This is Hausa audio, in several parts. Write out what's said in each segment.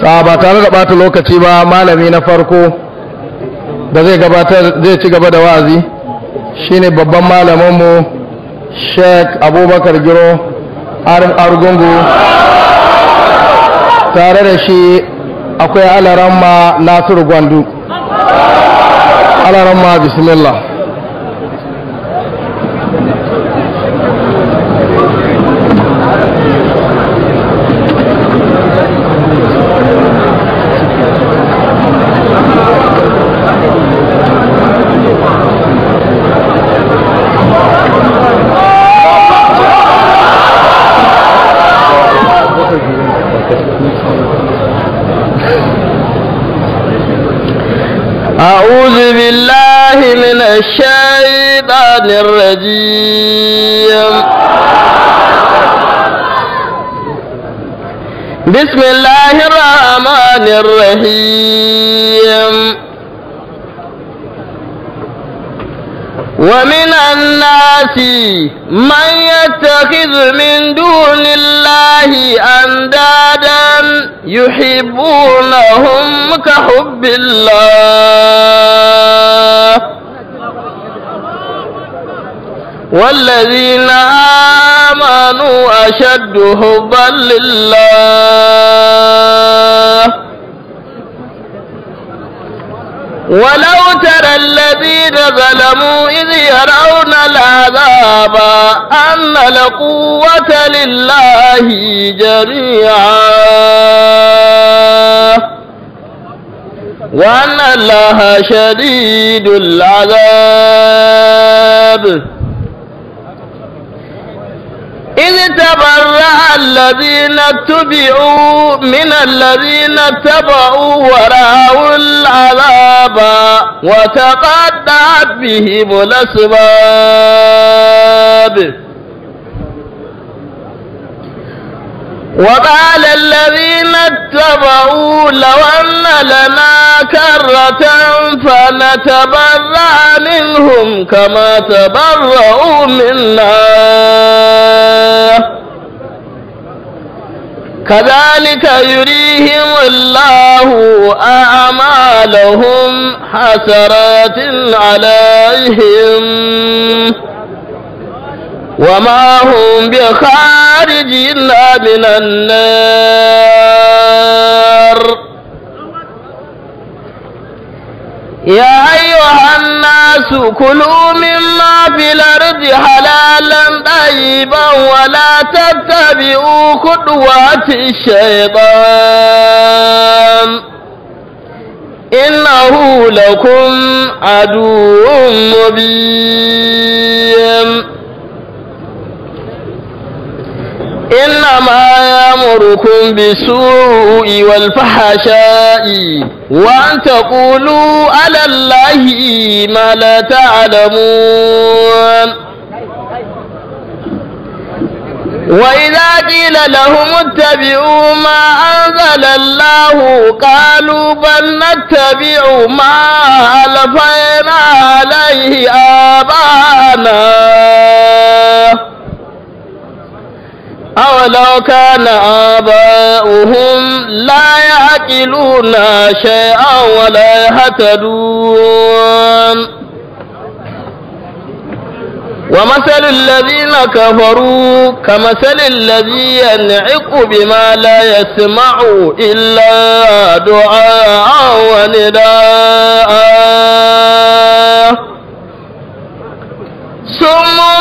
ba tare da bata lokaci ba malami na farko da zai gabatar zai ci gaba da wa'azi shine babban malaminmu sheik abubakar giro argungu tare da shi akwai alaramma nasiru gwandu alaramma bismillah الشيطان الرجيم بسم الله الرحمن الرحيم ومن الناس من يتخذ من دون الله أندادا يحبونهم كحب الله والذين آمنوا أشد حبا لله ولو ترى الذين ظلموا إذ يرون العذاب أن القوة لله جميعا وأن الله شديد العذاب إذ تبرأ الذين اتبعوا من الذين اتبعوا ورأوا العذاب وتقدعت بهم الأسباب وقال الذين اتبعوا لو أن لنا كرة فنتبرع منهم كما تبرعوا منا كذلك يريهم الله أعمالهم حسرات عليهم وما هم بخارج إلا من النار يا أيها الناس كلوا مما في الأرض حلالا طيبا ولا تتبعوا خطوات الشيطان إنه لكم عدو مبين إنما يأمركم بالسوء والفحشاء وأن تقولوا على الله ما لا تعلمون وإذا قيل لهم اتبعوا ما أنزل الله قالوا بل نتبع ما ألفينا عليه آبانا أولو كان آباؤهم لا يعقلون شيئا ولا يهتدون ومثل الذين كفروا كمثل الذي ينعق بما لا يسمع إلا دعاء ونداء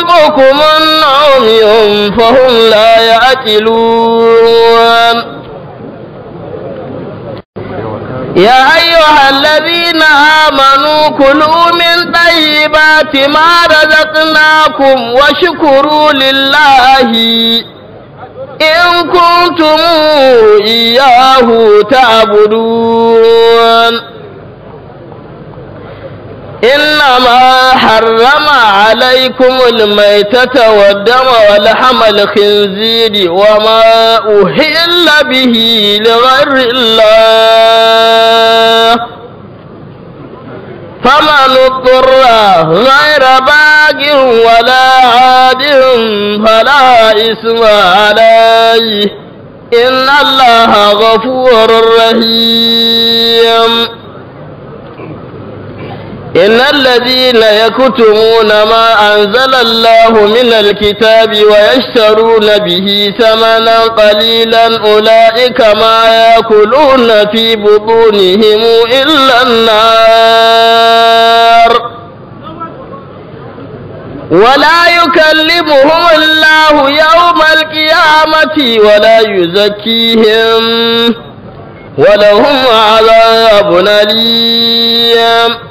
يرزقكم من عميهم فهم لا يعقلون يا أيها الذين آمنوا كلوا من طيبات ما رزقناكم واشكروا لله إن كنتم إياه تعبدون إنما حرم عليكم الميتة والدم ولحم الخنزير وما أهل به لغير الله فمن اضطر غير باق ولا عاد فلا إثم عليه إن الله غفور رحيم إن الذين يكتمون ما أنزل الله من الكتاب ويشترون به ثمنا قليلا أولئك ما يأكلون في بطونهم إلا النار ولا يكلمهم الله يوم القيامة ولا يزكيهم ولهم عذاب أليم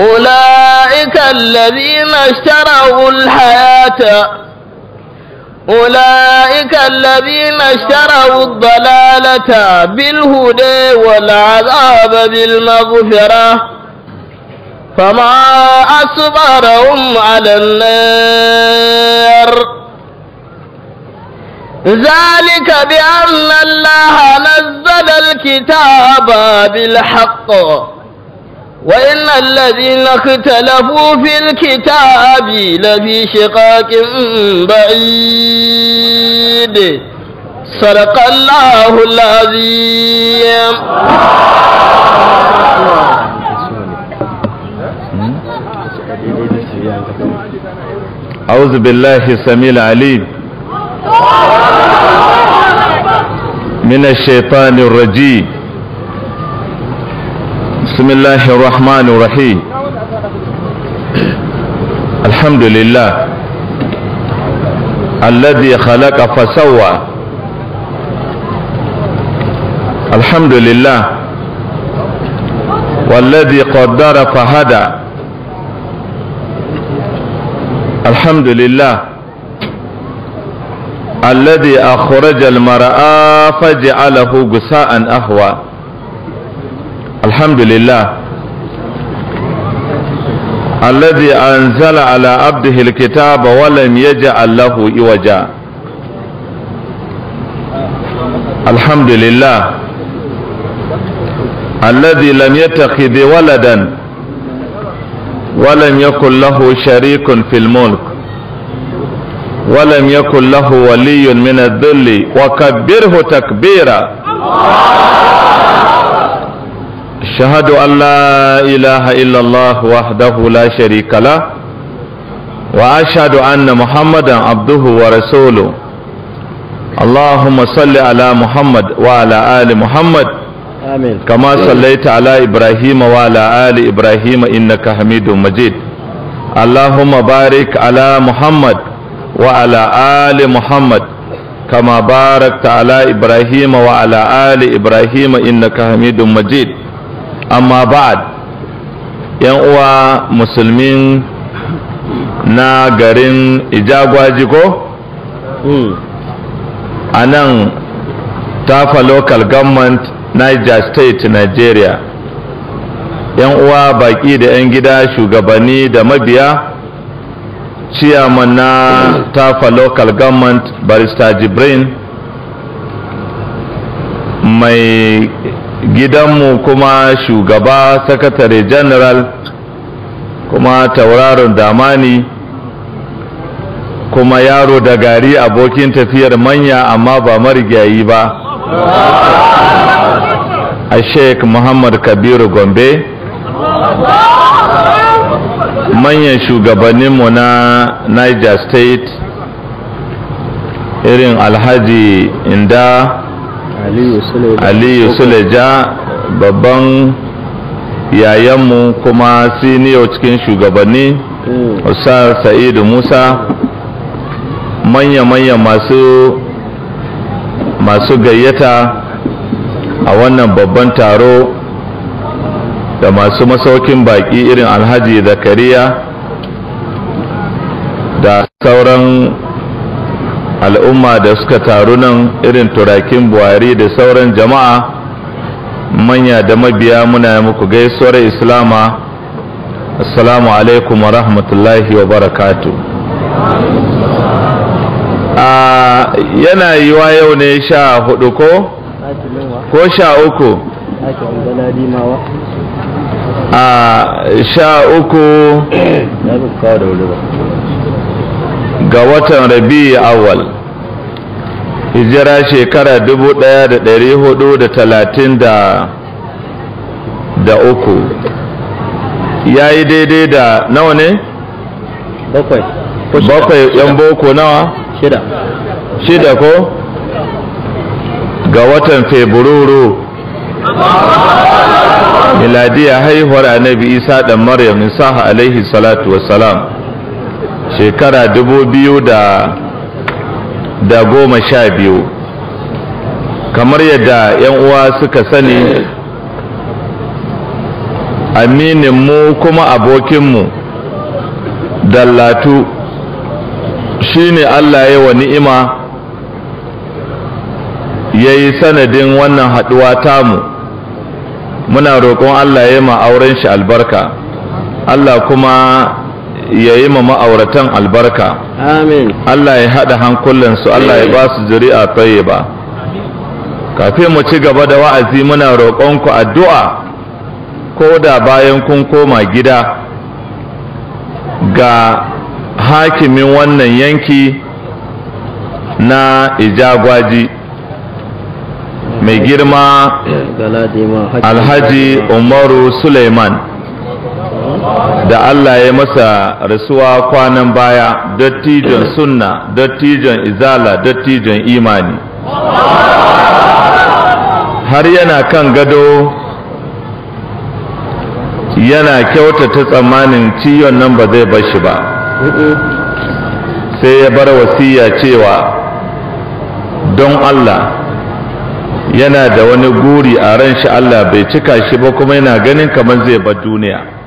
أولئك الذين اشتروا الحياة أولئك الذين اشتروا الضلالة بالهدى والعذاب بالمغفرة فما أصبرهم على النار ذلك بأن الله نزل الكتاب بالحق وإن الذين اختلفوا في الكتاب لفي شقاق بعيد صدق الله العظيم أعوذ بالله السميع العليم من الشيطان الرجيم بسم الله الرحمن الرحيم الحمد لله الذي خلق فسوى الحمد لله والذي قدر فهدى الحمد لله الذي أخرج المرأة فجعله غساء أهوى الحمد لله الذي أنزل على عبده الكتاب ولم يجعل له إوجا الحمد لله الذي لم يتخذ ولدا ولم يكن له شريك في الملك ولم يكن له ولي من الذل وكبره تكبيرا أشهد أن لا إله إلا الله وحده لا شريك له وأشهد أن محمدا عبده ورسوله اللهم صل على محمد وعلى آل محمد آمين كما صليت على إبراهيم وعلى آل إبراهيم إنك حميد مجيد اللهم بارك على محمد وعلى آل محمد كما باركت على إبراهيم وعلى آل إبراهيم إنك حميد مجيد amma ba'ad yan uwa musulmin na garin ijagwaji ko hmm. a nan tafa local government niger state nigeria yan uwa baki da yan gida shugabanni da mabiya ciyaman na tafa local government barista jibrin mai gidanmu kuma shugaba sakatare general kuma tauraron damani kuma yaro da gari abokin tafiyar manya amma ba marigayi ba a sheik muhammad kabiru gombe manyan shugabanninmu na niger state irin alhaji inda aliyu suleja babban yayanmu kuma siniyo cikin shugabanni mm. usa sa'idu musa manya-manya masu masu gayyata a wannan babban taro da masu masaukin baki irin alhaji zakariya da sauran al'umma da suka taru nan irin turakin buhari da sauran jama'a manya da mabiya muna muku gaisuwar islama assalamu alaikum wa rahmatullahi wa barakatu a yana yiwa yau ne sha hudu ko? ko sha uku? a sha uku ga watan rabi awal hijira shekara dubu ɗaya da ɗari hudu da talatin da da uku ya yi daidai da nawa ne? bakwai bakwai yan boko nawa? shida shida ko? ga watan febururu miladiya haihuwar annabi isa da maryam isa alaihi salatu wassalam shekara dubu biyu da goma sha biyu kamar yadda 'yan uwa suka sani amininmu kuma abokinmu dallatu shine allah ya wa ni'ima ya yi sanadin wannan haɗuwa mu muna roƙon allah ya ma auren shi albarka allah kuma ya yi ma ma'auratan albarka amin Allah ya haɗa hankulansu Allah ya ba su zuri'a tsaye ba kafin mu ci gaba da wa'azi muna roƙonku addu'a ko da bayan kun koma gida ga hakimin wannan yanki na ijagwaji mai girma alhaji umaru suleiman da Allah ya masa rasuwa kwanan baya dattijon sunna dattijon izala dattijon imani har yana kan gado yana kyautata tsammanin ciyon nan ba zai bar shi ba sai ya bar wasiya cewa don Allah yana da wani guri a ran shi Allah bai cika shi ba kuma yana ganin kamar zai bar duniya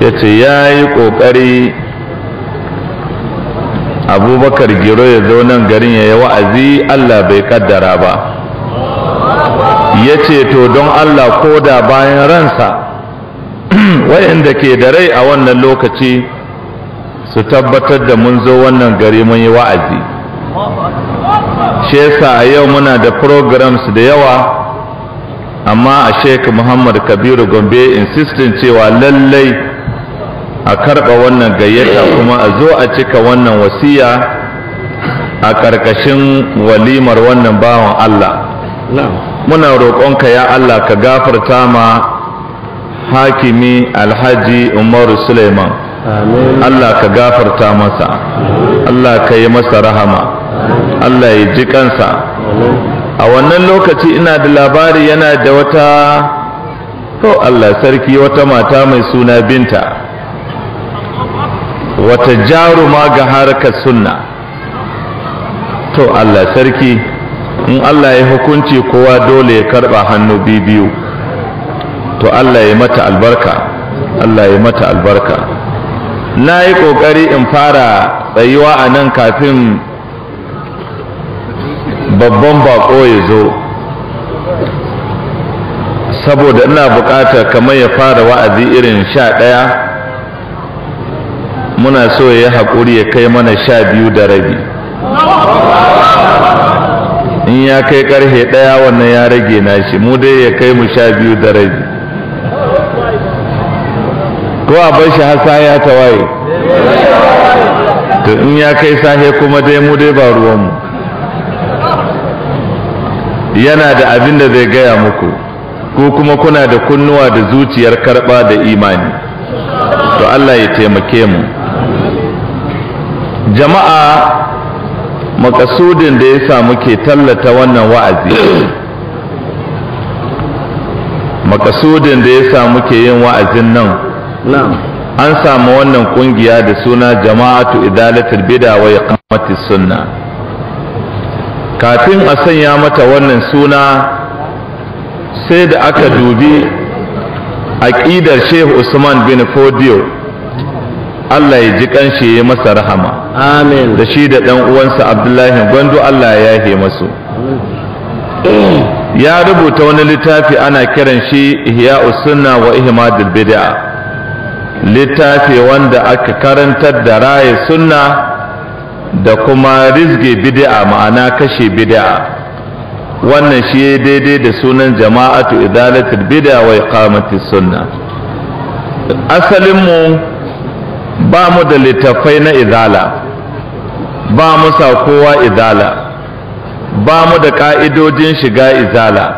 ya ce ya yi ƙoƙari abubakar giro ya zo nan garin ya yi wa'azi allah bai ƙaddara ba ya ce to don allah ko da bayan ransa wayanda ke da rai a wannan lokaci su tabbatar da mun zo wannan gari mun yi wa'azi shesa a yau muna da programs da yawa amma a sheik muhammad kabiru gombe insistin cewa lallai a karɓa wannan gayyata kuma a zo a cika wannan wasiya a ƙarƙashin walimar wannan bawan Allah muna roƙonka ya Allah ka gafarta ma hakimi alhaji umaru suleiman Allah ka gafarta masa Allah ka yi masa rahama Allah ya ji kansa a wannan lokaci ina da labari yana da wata to Allah sarki wata mata mai suna binta wata jaruma ga harkar sunna to Allah sarki in Allah ya hukunci kowa dole ya karba hannu biyu to Allah ya mata albarka Allah ya mata albarka na yi ƙoƙari in fara tsayuwa a nan kafin babban bako ya zo saboda ina buƙatar kamar ya fara wa'azi irin sha ɗaya muna so ya haƙuri ya kai mana sha biyu da rabi in ya kai ƙarfe ɗaya wannan ya rage nashi mu dai ya kai mu sha biyu da rabi ko a bar shi hasa ya tawaye to in ya kai sahe kuma dai mu dai ba ruwanmu yana da abin da zai gaya muku ko kuma kuna da kunnuwa da zuciyar karɓa da imani to Allah ya taimake mu jama'a makasudin da ya samu ke tallata wannan wa'azi makasudin da ya samu ke yin wa'azin nan an samu wannan kungiya da suna jama'atu idalatul bid'a wa kamata sunna kafin a sanya mata wannan suna sai da aka dubi aqidar Sheikh Usman bin Fodio Allah ya ji kanshi ya masa rahama amin da shi da dan uwansa Abdullahi Gwando Allah ya yi masu ya rubuta wani littafi ana kiran shi ihya Sunna wa Ihmadul Bid'a littafi wanda aka karantar da raye sunna da kuma rizge bid'a ma'ana kashe bid'a wannan shi daidai da sunan jama'atu idalatul bid'a wa iqamatis sunna asalinmu ba mu da littafai na izala ba mu sa kowa izala ba mu da ƙa'idojin shiga izala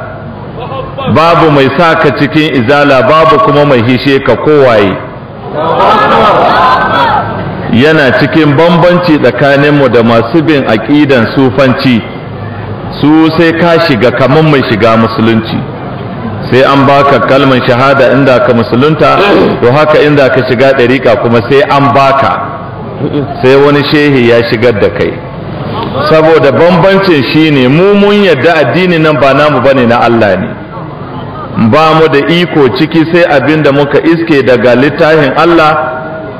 babu mai sa ka cikin izala babu kuma mai hishe ka kowaye yana cikin bambanci tsakaninmu da masu bin aƙidan sufanci su sai ka shiga kamar mai shiga musulunci sai an baka kalman shahada inda ka musulunta to haka inda ka shiga ɗariƙa kuma sai an baka sai wani shehi ya shigar da kai saboda bambancin shine mu mun yadda addini nan ba namu bane na Allah ne ba mu da iko ciki sai abin da muka iske daga littafin Allah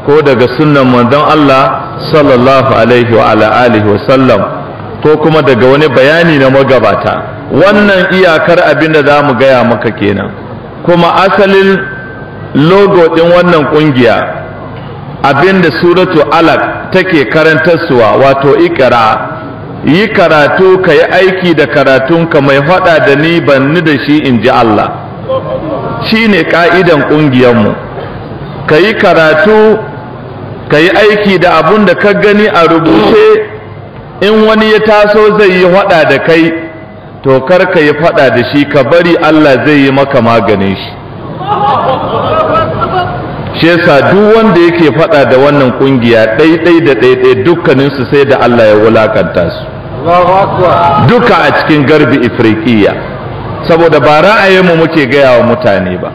ko daga sunnan manzon Allah sallallahu alaihi wa ala alihi wa sallam ko kuma daga wani bayani na magabata wannan iyakar abinda da za mu gaya maka kenan kuma asalin logo ɗin wannan ƙungiya abinda suratu alaq take karantarsuwa wato ikara yi karatu ka yi aiki da karatunka mai faɗa da ni ban ni da shi in ji Allah shi ne ƙa'idan ƙungiyarmu ka yi karatu ka yi aiki da abun da ka gani a rubuce in wani ya taso zai yi faɗa da kai to kar ka yi faɗa da shi ka bari Allah zai yi maka maganin shi shi yasa duk wanda yake faɗa da wannan ƙungiya ɗaiɗai da ɗaiɗai dukkaninsu sai da Allah ya wulakanta su duka a cikin garbi ifriqiya saboda ba mu muke gaya wa mutane ba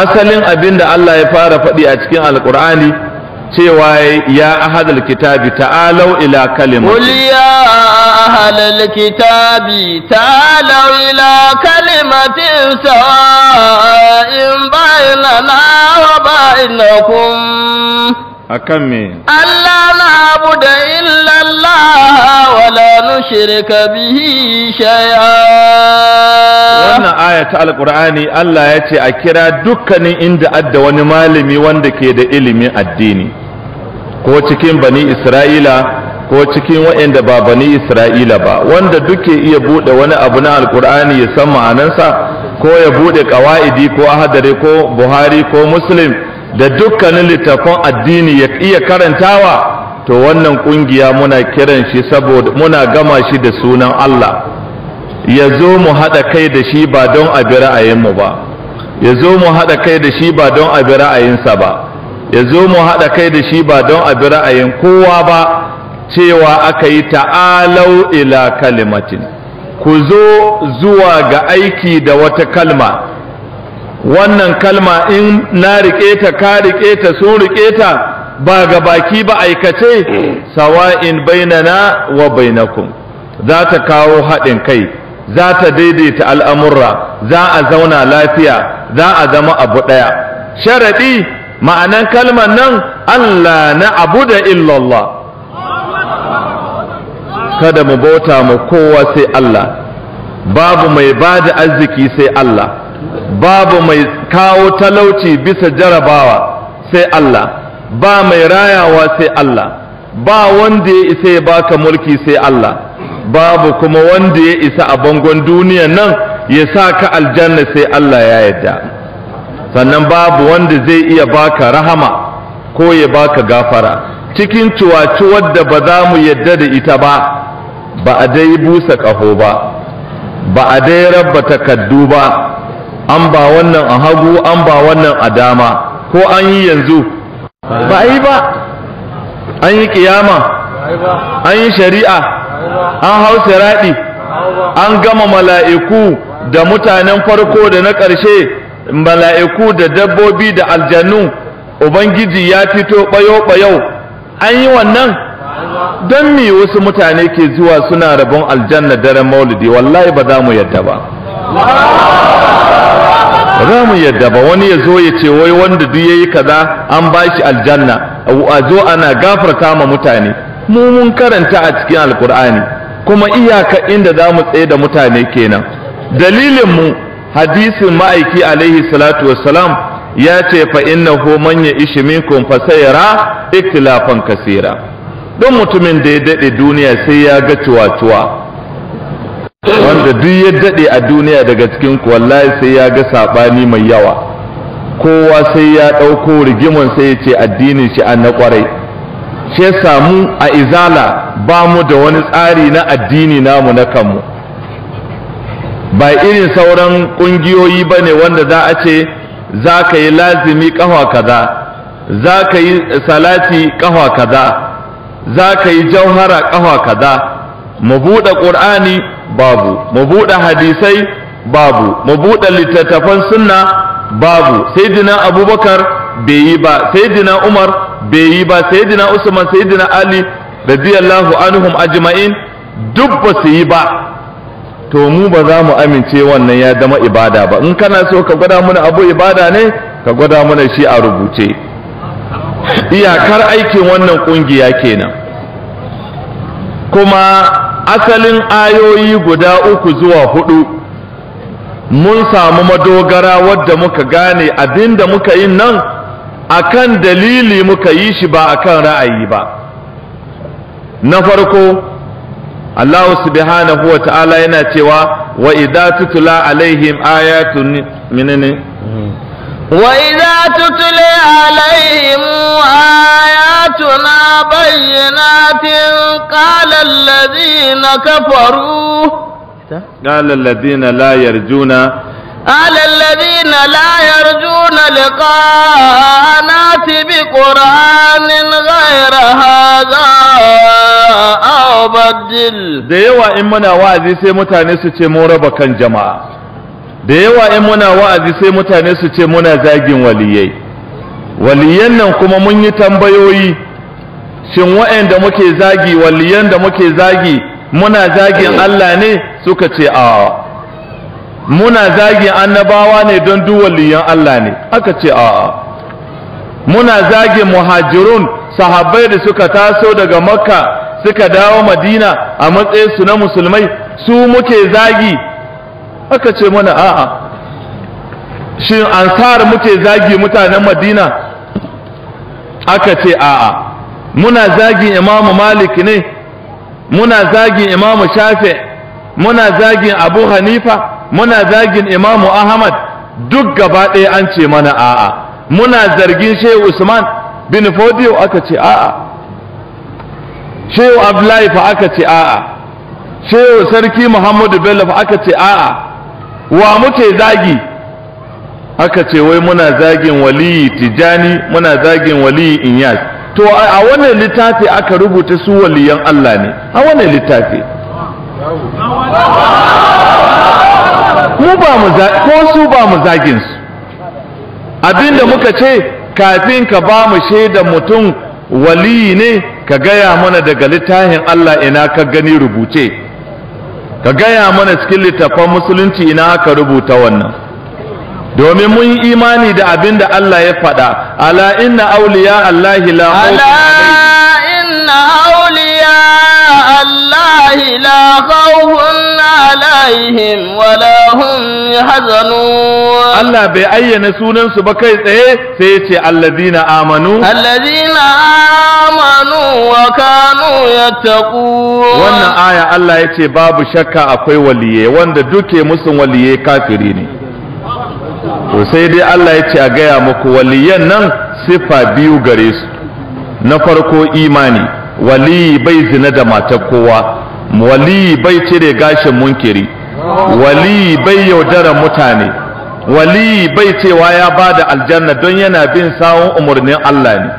asalin abin da Allah ya fara faɗi a cikin alƙur'ani cewa ya ahadal kitabi ta'alau ila kalimati qul ya ahadal kitabi ta'alau ila kalimatin sawa'in bainana wa bainakum akan me Allah na abuda illallah. ولا نشرك به شيئا wannan aya ta alqur'ani Allah ya ce a kira dukkanin inda adda wani malami wanda ke da ilimin addini ko cikin bani Isra'ila ko cikin waɗanda ba bani Isra'ila ba wanda duke iya buɗe wani abu na alkur'ani ya san ma'anansa ko ya buɗe ƙawa'idi ko Ahadare, ko Buhari ko Muslim da dukkanin littattafan addini ya iya karantawa to wannan kungiya muna kiran shi saboda muna gama shi da sunan Allah ya zo mu haɗa kai da shi ba don a bi ra'ayinmu ba ya zo mu haɗa kai da shi ba don a bi ra'ayinsa ba ya zo mu haɗa kai da shi ba don a bi ra'ayin kowa ba cewa aka yi ta'alau ila kalimatin ku zo zuwa ga aiki da wata kalma wannan kalma in na riƙe ta ka riƙe ta sun riƙe ta ba ga baki ba aikace mm. sawa'in bainana wa bainakum za ta kawo haɗin kai za ta daidaita al'amurra za a zauna lafiya za a zama abu ɗaya sharaɗi ma'anan kalmar nan Allah na abu da illallah kada mu bauta mu kowa sai Allah babu mai ba da arziki sai Allah babu mai kawo talauci bisa jarabawa sai Allah ba mai rayawa sai Allah ba wanda ya isa ya baka mulki sai Allah babu kuma wanda ya isa a bangon duniya nan ya sa ka aljanna sai Allah ya yarda sannan babu wanda zai iya baka rahama ko ya baka gafara cikin ciwaciwar wadda ba za mu yarda da ita ba ba a dai busa ƙaho ba ba a dai rabba takaddu ba an ba wannan a hagu an ba wannan a dama ko an yi yanzu ba a yi ba an yi kiyama an yi shari'a an hau siraɗi an gama mala'iku da mutanen farko da na ƙarshe mala'iku da dabbobi da aljanu ubangiji ya fito ɓayo-ɓayo an yi wannan don me wasu mutane ke zuwa suna rabon aljanna daren maulidi wallahi ba za mu yadda ba za mu yadda ba wani ya zo ya ce wai wanda duk yi kaza an ba shi aljanna a zo ana gafarta ma mutane mu mun karanta a cikin alkur'ani kuma iyaka inda za mu tsaye da mutane kenan dalilin mu hadisin ma'aiki alaihi salatu wassalam ya ce fa inna man ya ishi minkum fa sayara ikhtilafan kasira don mutumin da ya dade duniya sai ya ga cuwa-cuwa wanda duk ya daɗe a duniya daga cikin ku wallahi sai ya ga saɓani mai yawa kowa sai ya ɗauko rigiman sai ya ce addinin shi an na kwarai, shi samu a izala ba mu da wani tsari na addini namu na kanmu ba irin sauran ƙungiyoyi ba ne wanda za a ce za ka yi lazimi ƙafa kaza za ka yi salati ƙafa kaza za ka yi jauhara ƙafa kaza mu buɗe ƙur'ani babu mu hadisai babu mu littattafan sunna babu sayyidina abubakar bai yi ba sayyidina umar bai yi ba sayyidina usman sayyidina ali radiyallahu anhum ajma'in duk ba su yi ba to mu ba za mu amince wannan ya zama ibada ba in kana so ka gwada mana abu ibada ne ka gwada mana shi a rubuce iyakar aikin wannan kungiya kenan kuma asalin ayoyi guda uku zuwa hudu mun samu madogara wadda muka gane abinda muka yi nan akan dalili muka yi shi ba akan ra'ayi ba na farko Allah subhanahu wa ta'ala yana cewa wa idza tutla alaihim ayatun minni wa idza tutla alaihim آياتنا بينات قال الذين كفروا قال الذين لا يرجون قال الذين لا يرجون لقاءنا بقرآن غير هذا أو بدل da yawa in muna wa'azi sai mutane su ce mun raba kan jama'a da yawa in muna wa'azi sai mutane su ce muna zagin waliyai waliyan nan kuma mun yi tambayoyi shin da muke zagi waliyan da muke zagi muna zagin Allah ne suka ce a muna zagin annabawa ne don duk waliyan Allah ne aka ce a muna zagin muhajirun sahabbai da suka taso daga makka suka dawo madina a matsayinsu na musulmai su muke zagi aka ce mana a'a shin ansar muke zagi mutanen madina aka ce a'a muna zagin imamu malik ne muna zagin imamu shafi muna zagin abu hanifa muna zagin imamu ahmad duk gaba ɗaya an ce mana a'a muna zargin shehu usman bin fodiyo aka ce a'a shehu abdullahi fa aka ce a'a shehu sarki muhammadu bello fa aka ce a'a wa muke zagi aka ce wai muna zagin waliyi tijani muna zagin waliyi inyas to a wannan littafi aka rubuta su waliyan Allah ne a wannan littafi ko su ba mu zagin su abinda muka ce kafin ka ba mu shaida mutum waliyi ne ka gaya mana daga littafin Allah ina ka gani rubuce ka gaya mana cikin littafin musulunci ina aka rubuta wannan domin mun yi imani da abin da Allah ya faɗa ala inna auliya Allahi la ala inna auliya Allahi la khawfun alaihim wala hum yahzanun Allah bai ayyana sunan su ba kai tsaye sai yace allazina amanu allazina amanu wa kanu yattaqun wannan aya Allah yace babu shakka akwai waliye wanda duke musun waliye kafiri ne to sai dai Allah ya ce a gaya muku waliyan nan sifa biyu gare su na farko imani wali bai zina da matar kowa wali bai cire gashin munkiri wali bai yaudara mutane wali bai cewa ya ba da aljanna don yana bin sawun umarnin Allah ne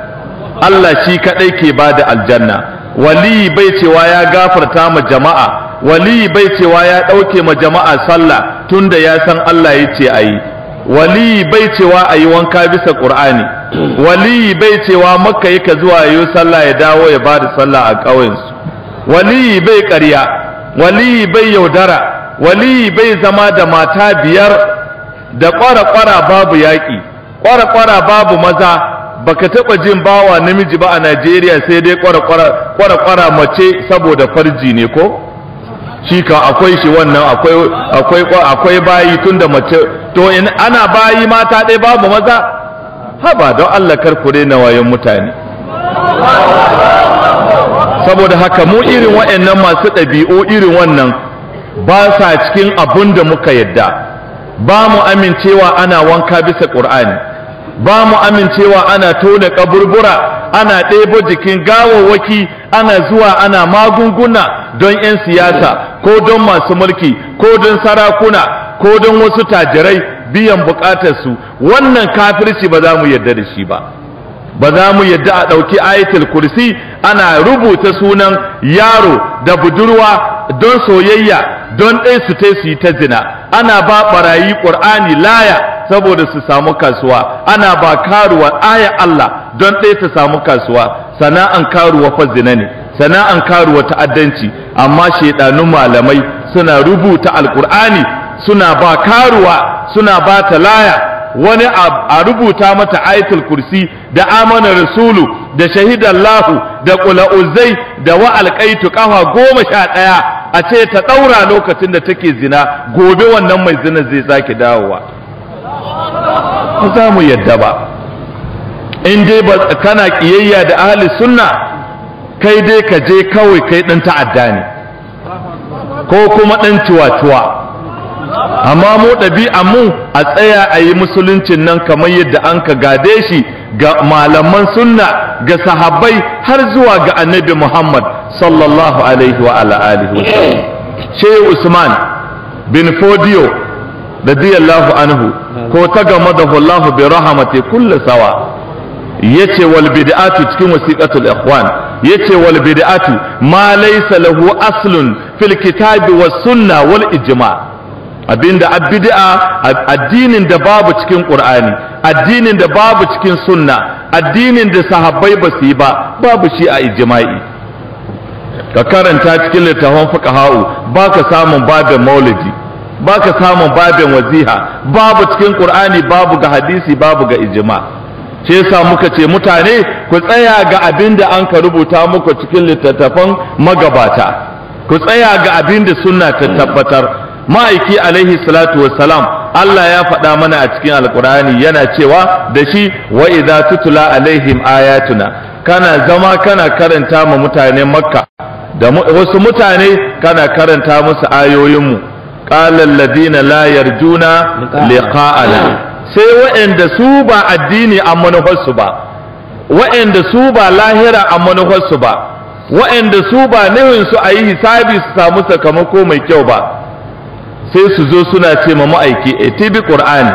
Allah shi kaɗai ke bada aljanna wali bai cewa ya gafarta ma jama'a wali bai cewa ya ɗauke ma jama'a sallah tunda ya san Allah ya ce wali bai cewa a yi wanka bisa ƙur'ani wali bai cewa makka ka zuwa yi sallah ya dawo ya ba da sallah a ƙauyensu wali bai ƙarya wali bai yaudara wali bai zama da mata biyar da ƙwara-ƙwara babu yaƙi ƙwara-ƙwara babu maza baka taɓa jin bawa namiji ba a najeriya sai dai ƙwara-ƙwara mace saboda farji ne ko shi akwai shi wannan akwai akwai bayi tunda mace to in ana bayi mata ɗaya babu maza haba don Allah kar ku daina mutane saboda haka mu irin waɗannan masu ɗabi'u irin wannan ba sa cikin abun da muka yadda ba mu amincewa ana wanka bisa ƙur'ani ba mu amincewa ana tona kaburbura ana ɗebo jikin gawawwaki ana zuwa ana magunguna don 'yan siyasa ko don masu mulki ko don sarakuna ko don wasu tajirai biyan su. wannan kafirci ba za mu yarda da shi ba ba za mu yadda a ɗauki ayatul kursi ana rubuta sunan yaro da budurwa don soyayya don ɗai su ta su ta zina ana ba ɓarayi ƙur'ani laya saboda su samu kasuwa ana ba karuwa aya Allah don ɗaya ta samu kasuwa sana'an karuwa fa zina ne sana'an karuwa ta'addanci amma shaidanun malamai suna rubuta alkur'ani suna ba karuwa suna ba ta laya wani a rubuta mata ayatul kursi da amana rasulu da shahidallahu da kula uzai da wa alƙaitu kafa goma sha ɗaya a ce ta ɗaura lokacin da take zina gobe wannan mai zina zai sake dawowa ba za mu yadda ba in dai ba kana kiyayya da ahli sunna kai dai ka je kawai kai dan ta'adda ne ko kuma dan tuwa-tuwa amma mu ɗabi'a mu a tsaya a yi musuluncin nan kamar yadda an ka gade shi ga malaman sunna ga sahabbai har zuwa ga annabi muhammad sallallahu alaihi wa ala alihi wa usman bin fodiyo radiyallahu anhu ko ta gama da wallahu bi ta kullu sawa yace wal bid'atu cikin wasiqatul ikhwan yace wal bid'atu malai, salahu, lahu aslun fil kitabi was sunna wal ijma' abinda abid'a addinin da babu cikin qur'ani addinin da babu cikin sunna addinin da sahabbai ba su yi ba babu shi a ijma'i ka karanta cikin littafin fuqaha'u baka samun babin maulidi baka samun babin waziha babu cikin qur'ani babu ga hadisi babu ga ijma ce yasa muka ce mutane ku tsaya ga abin da an ka rubuta muku cikin littattafan magabata ku tsaya ga abin da sunna ta tabbatar ma'aiki alaihi salatu wassalam Allah ya faɗa mana a cikin alkur'ani yana cewa da shi wa idza tutula alaihim ayatuna kana zama kana karanta ma mutane makka da wasu mutane kana karanta musu ayoyinmu qala alladhina la yarjuna liqa'ana sai waɗanda su ba addini a manufarsu ba waɗanda su ba lahira a manufarsu ba waɗanda su ba nuhin su a yi hisabi su samu sakamako mai kyau ba sai su zo suna ce ma ma'aiki tibi qur'ani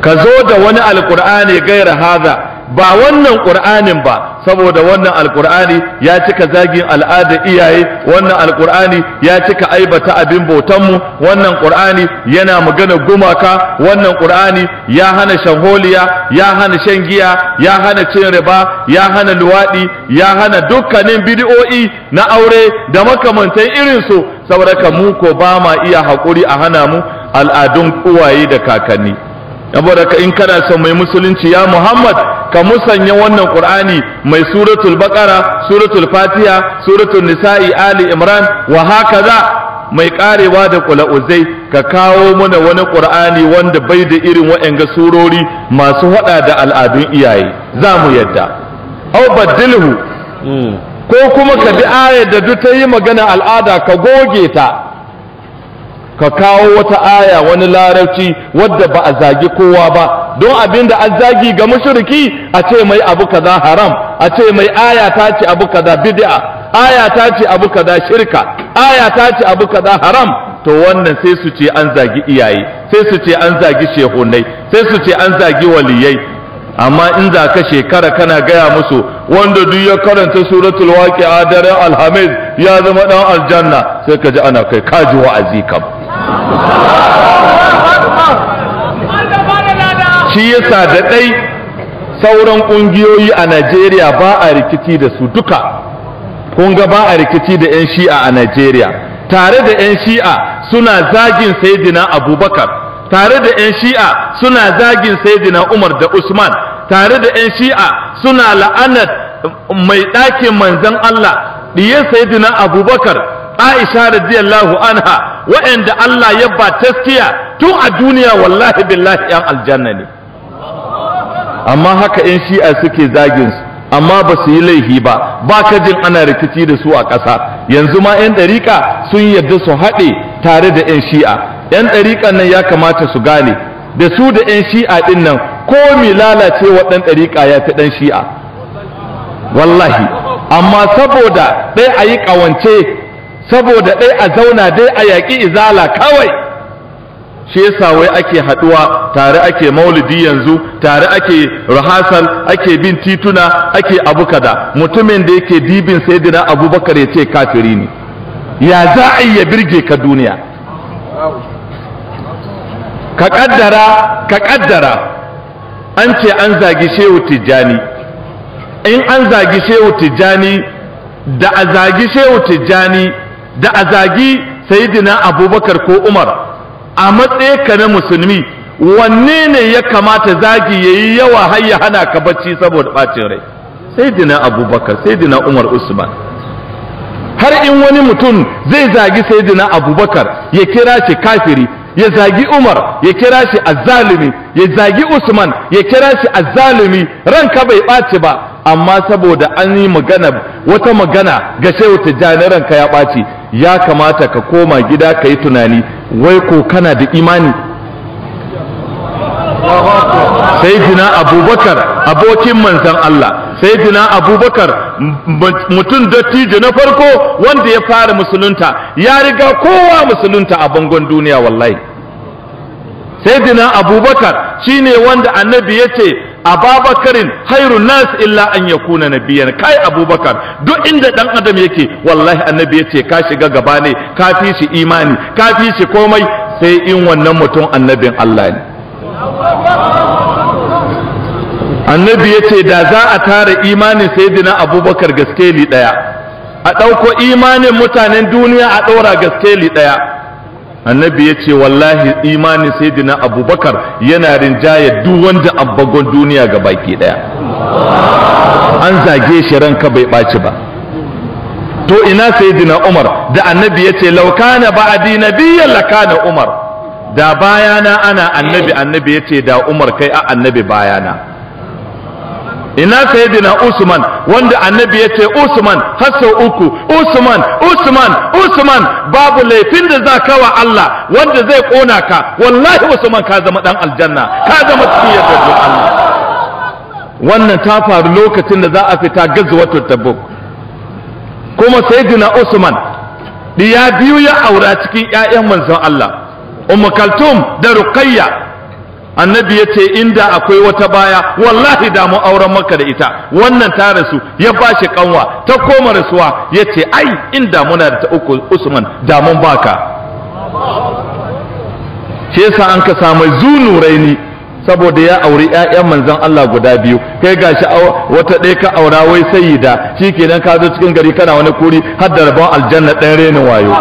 ka zo da wani alƙur'ani gaira haza ba wannan qur'anin ba saboda wannan alqur'ani ya cika zagin al'ada iyaye wannan alqur'ani ya cika aibata abin bautan mu wannan qur'ani yana magana gumaka wannan qur'ani ya hana shanholiya ya hana shan giya ya hana cin riba ya hana luwaɗi. ya hana dukkanin bid'o'i na aure da makamantan irinsu. su saboda ka mu ko ba ma iya haƙuri a hana mu al'adun uwaye da kakanni saboda ka in kana son mai musulunci ya Muhammad ka musanya wannan qur'ani mai suratul baqara suratul fatiha suratul nisa'i ali imran wa hakaza mai karewa da kula ka kawo mana wani qur'ani wanda bai da irin wa'anga surori masu hada da al'adun iyaye za mu yadda au baddilhu hmm. ko kuma ka bi ayar da duk ta yi magana al'ada ka goge ta ka kawo wata aya wani larabci wadda ba a zagi kowa ba don abin da an zagi ga mushriki a ce mai abu kaza haram a ce mai aya ta ce abu kaza bid'a aya ta ce abu kaza shirka aya ta ce abu kaza haram to wannan sai su ce an zagi iyaye sai su ce an zagi shehunai sai su ce an zagi waliyai amma in za ka shekara kana gaya musu wanda duk ya karanta suratul waqi'a daren alhamis ya zama dan aljanna sai ka ji ana kai kaji wa'azi kam shi yasa da ɗai sauran ƙungiyoyi a najeriya ba a rikici da su duka kun ga ba a rikici da 'yan shi'a a najeriya tare da 'yan shi'a suna zagin sayidina abubakar tare da 'yan shi'a suna zagin sayidina umar da usman tare da 'yan shi'a suna la'anar mai ɗakin manzon allah ɗiye sayidina abubakar aisha radiyallahu anha wa'anda Allah ya ba taskiya tun a duniya wallahi billahi yan aljanna ne amma haka yan shi'a suke zagin su amma ba su yi laifi ba ba ka jin ana rikici da su a ƙasa yanzu ma yan ɗarika sun yarda su haɗe tare da yan shi'a yan ɗariƙan nan ya kamata su gane da su da yan shi'a ɗin nan ko mi lalacewa ɗan ɗarika ya fi ɗan shi'a wallahi amma saboda ɗaya a yi ƙawance saboda dai a zauna dai a yaƙi izala kawai shi yasa wai ake haɗuwa tare ake maulidi yanzu tare ake rahasal ake bin tituna ake abu kada mutumin da yake dibin sayyidina abubakar ya ce kafiri ne ya za a yi ya birge ka duniya ka kaddara ka kaddara an ce an zagi shehu tijjani in an zagi shehu tijjani da a zagi shehu tijjani da a zagi sayidina abubakar ko umar a matsayinka na musulmi wanne ne ya kamata zagi ya yi yawa har ya hana ka bacci saboda ɓacin rai sayidina abubakar sayidina umar usman har in wani mutum zai zagi sayidina abubakar ya kira shi kafiri ya zagi Umar ya kira shi azzalumi ya zagi Usman ya kira shi azzalumi ranka bai ɓaci ba amma saboda an yi magana wata magana ga shehu tijjani ranka ya ɓaci ya kamata ka koma gida ka yi tunani wai ko kana da imani Sai sayyidina abubakar abokin manzan Allah Sai sayyidina abubakar mutum dattijo na farko wanda ya fara musulunta ya riga kowa musulunta a bangon duniya wallahi sayyidina abubakar shi ne wanda annabi ya ce ababakarin hairun nas illa an na nabiyan kai abubakar duk inda ɗan adam yake wallahi annabi ce ka shiga gaba ne ka fi shi imani ka fi shi komai sai in wannan mutum annabin Allah ne annabi ce da za a tara imanin dina abubakar gaske gaskeli daya a ɗauko imanin mutanen duniya a ɗora gaskeli daya annabi ya ce wallahi imanin saidina abubakar yana rinjaya duk wanda abbagon duniya ga baki daya an zage shi ranka bai ɓaci ba to ina saidina umar da annabi ya ce laukana ba ba'adi biya lakana umar da bayana ana annabi annabi ya ce da umar kai a annabi bayana ina sayyidina usman wanda annabi ya ce usman har uku usman usman usman babu laifin da za ka wa Allah wanda zai kona ka wallahi usman ka zama dan aljanna ka zama cikin yardar Allah wannan ta faru lokacin da za a fita gazwatul tabuk kuma sayyidina usman diya biyu ya aura cikin ƴaƴan manzon Allah ummu kaltum da ruqayya annabi ya ce inda akwai wata baya wallahi da mu auren maka da ita wannan ta rasu ya ba shi kanwa ta koma rasuwa ya ce ai inda muna da ta uku usman da mun baka shi yasa an ka samu zunuraini saboda ya auri 'ya'yan manzon Allah guda biyu kai gashi wata ɗaya ka aura wai da. sayyida kenan ka zo cikin gari kana wani kuri har da rabon aljanna ɗan renin wayo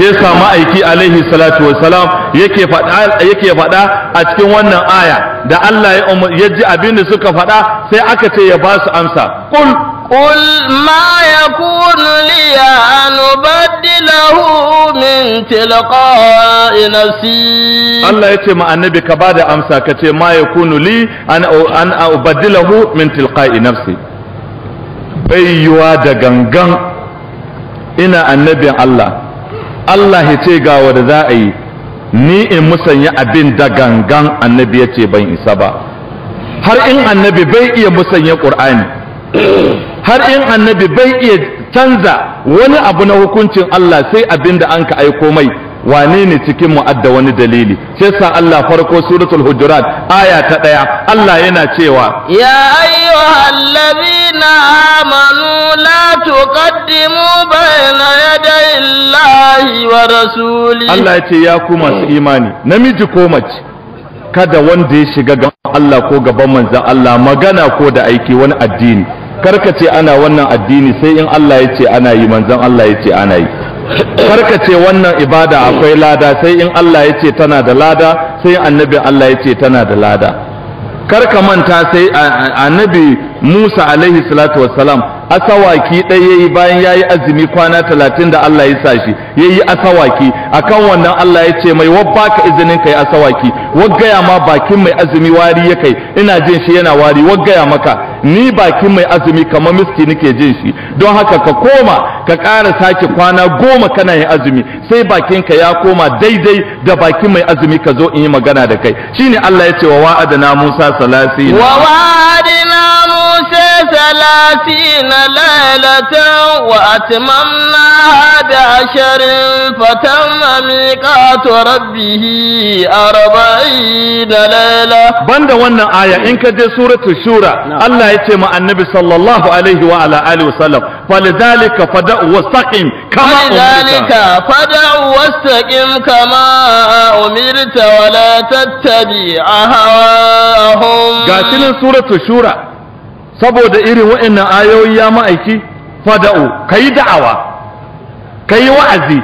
shi yasa ma'aiki alaihi salatu wassalam yake faɗa yake fada a cikin wannan aya da Allah ya ji abin da suka faɗa sai aka ce ya ba su amsa qul قل ما يكون لي أن أبدله من تلقاء نفسي الله يتي النبي كبار أمسا كتي ما يكون لي أن أن أبدله من تلقاء نفسي بيوا دغنغن إن النبي الله Allah ya ce ga wanda za a yi ni in musanya abin da gangan annabi ya ce ban isa ba har in annabi bai iya musanya ƙur'ani har in annabi bai iya canza wani abu na hukuncin Allah sai abin da an ka aiko mai wane ne cikin mu'adda wani dalili sai sa Allah farko suratul hujurat aya ta ɗaya Allah yana cewa ya ayyuhallazina amanu la tuqaddimu bayna wa rasuli Allah ya ce ya ku masu imani namiji ko mace kada wanda ya shiga gaban Allah ko gaban manzan Allah magana ko da aiki wani addini karka ce ana wannan addini sai in Allah ya ce ana yi manzan Allah ya ce ana yi karka ce wannan ibada akwai lada sai in Allah ya ce tana da lada sai annabi Allah ya ce tana da lada karka manta sai annabi Musa alaihi salatu wassalam asawaki ɗaya yi bayan ya yi azumi kwana talatin da Allah ya sa shi ya yi asawaki a kan wannan Allah ya ce mai wabba ka izinin ka yi asawaki waggaya ma bakin mai azumi wari ya kai ina jin shi yana wari waggaya maka ni bakin mai azumi kamar miski nake jin shi don haka ka koma ka ƙara sake kwana goma kana yin azumi sai bakinka ya koma daidai da bakin mai azumi ka zo in yi magana da kai shine Allah ya ce wa wa'adana Musa salasi wa wa'adana ثلاثين ليلة وأتممناها بعشر فتم ميقات ربه أربعين ليلة بند وانا آية إنك دي سورة الشورى الله يتم النبي صلى الله عليه وعلى آله وسلم فلذلك فدع واستقم كما فلذلك فدع واستقم كما أمرت ولا تتبع أهواهم قاتل سورة الشورى saboda irin waɗannan ayoyi ya ma'aiki fada'u kai da'awa kai wa'azi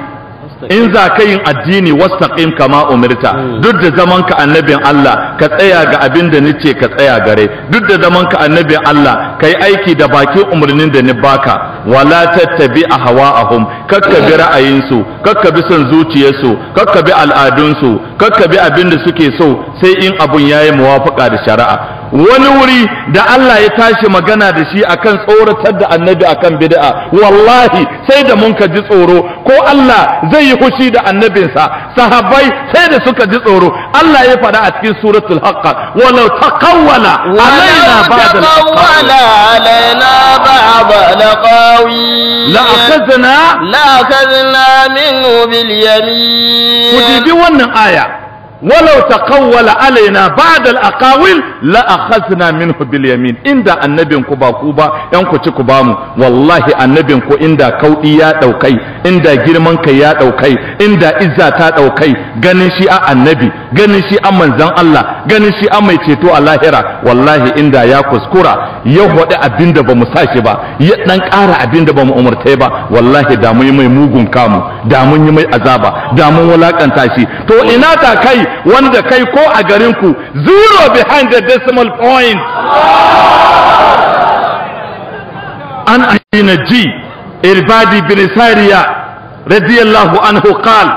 in za ka yin addini wastaqim kama umirta duk da zaman ka annabin Allah ka tsaya ga abin da nace ka tsaya gare duk da zaman ka annabin Allah kai aiki da bakin umarnin da ni baka wala tattabi ahwa'ahum kakka bi ra'ayinsu kakka bi son zuciyarsu kakka bi al'adunsu kakka bi abin da suke so sai in abun yayi muwafaqa da shari'a wani wuri da Allah ya tashi magana da shi akan tsoratar da annabi akan bid'a wallahi sai da mun ka ji tsoro ko Allah zai yi hushi da annabinsa sahabbai sai da suka ji tsoro Allah ya faɗa a cikin suratul haqqa walau taqawwala alaina ba'd taqawwala alaina ba'd laqawi la akhadna la akhadna minhu bil yamin wannan aya walau taqawwala alaina ba da aqawil la'a akhadna min bil yamin inda annabin ku ba ku ba yan ku ci ku ba mu wallahi annabin ku inda kauɗi ya daukai inda girman kai ya daukai inda izza ta daukai ganin shi a annabi ganin shi a manzon Allah ganin shi a mai ceto a lahira wallahi inda ya kuskura ya hodi abinda bamu sa shi ba ya ɗan ƙara abinda ba mu umurtai ba wallahi da mun yi mai mugun kamu da mun yi mai azaba da mun wulakanta shi to ina ta kai wanda kai ko a garinku zero behind the decimal point an aina ji irbadi bin sariya radiyallahu anhu qal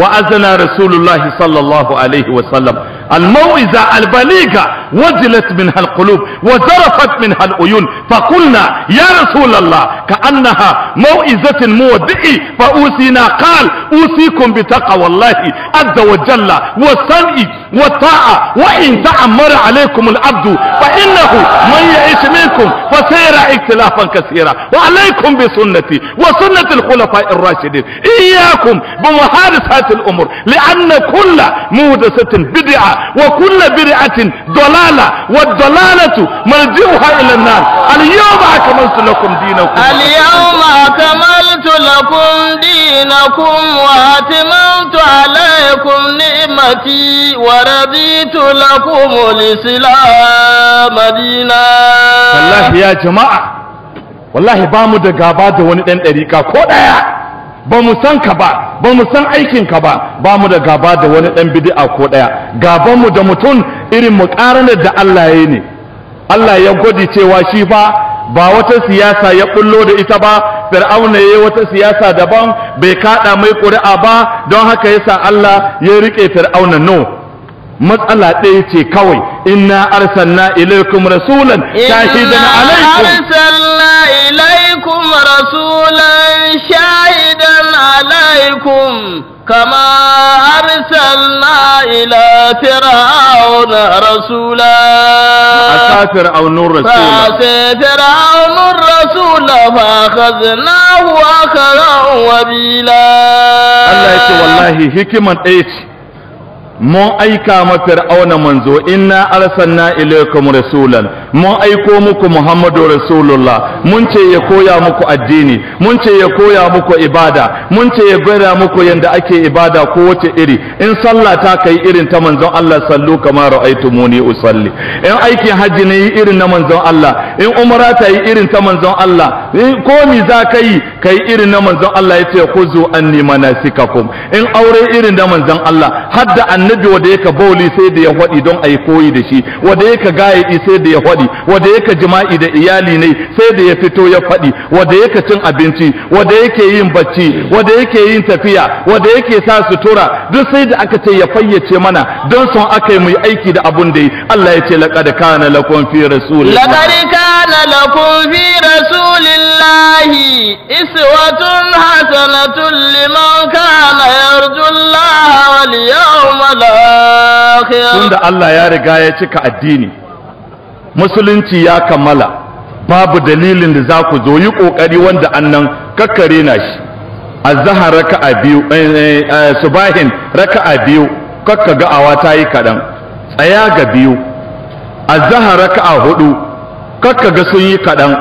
wa azana rasulullahi sallallahu alaihi wasallam al-mau'iza al-baliga وجلت منها القلوب وذرفت منها الأيون فقلنا يا رسول الله كأنها موئزة مودئي فأوسينا قال أوصيكم بتقوى الله عز وجل والسمع والطاعة وإن تعمر عليكم العبد فإنه من يعيش منكم فسيرى اختلافا كثيرا وعليكم بسنتي وسنة الخلفاء الراشدين إياكم هذه الأمور لأن كل مودسة بدعة وكل بدعة ضلالة dalala wa dalalatu malbiu ha ila nan alyawma akmaltu lakum dinakum alyawma akmaltu lakum dinakum wa atamantu alaykum ni'mati wa raditu lakum alislam madina wallahi ya jamaa bamu da gaba da wani dan dariqa ko daya ba mu san ka ba ba mu san aikin ka ba ba mu da gaba da wani dan bid'a ko daya gaban mu da mutum irin mu karanar da Allah yayi ne Allah ya gode cewa shi fa ba wata siyasa ya kullo da ita ba fir'auna yayi wata siyasa daban bai kada mai ƙuri'a ba don haka yasa Allah ya rike fir'auna no matsala ɗaya ce kawai inna arsalna ilaikum rasulan shahidan alaikum arsalna ilaikum rasulan shahidan alaikum kama arsalna ila fir'aun rasula a aunur rasula asafir aunur rasula fa akhadnahu akhadan wabila Allah yake wallahi hikiman ɗaya ce mun aika ma fir'auna manzo inna arsalna ilaykum rasulan mun aiko muku muhammadu rasulullah mun ce ya koya muku addini mun ce ya koya muku ibada mun ce ya gwada muku yanda ake ibada ko wace iri in sallah ta kai irin ta manzon Allah sallu kama ra'aytumuni usalli in aikin hajji ne yi irin na manzon Allah in umra ta yi irin ta manzon Allah ko mi za ka yi kai irin na manzon Allah yace khuzu anni manasikakum in aure irin da manzon Allah hadda annabi wanda yake bauli sai da ya faɗi don a yi koyi da shi wanda yake Gayadi sai da ya hwadi wanda yake jima'i da iyali ne sai da ya fito ya faɗi wanda yake cin abinci wanda yake yin bacci wanda yake yin tafiya wanda yake sa sutura duk sai da aka ce ya fayyace mana don son aka yi mu aiki da abun da yi Allah ya ce laqad kana lakum fi rasulillahi laqad kana lakum fi rasulillahi iswatun hasanatun liman kana yarjullaha wal yawma tunda Allah ya riga ya cika addini, musulunci ya kammala babu dalilin da za ku zo yi ƙoƙari wanda annan kakkare na shi A zahar raka a biyu eh, eh, eh, subahin a biyu kakka ga'awa ta yi kaɗan tsaya ga biyu A raka raka'a hudu kakka ga sun yi kaɗan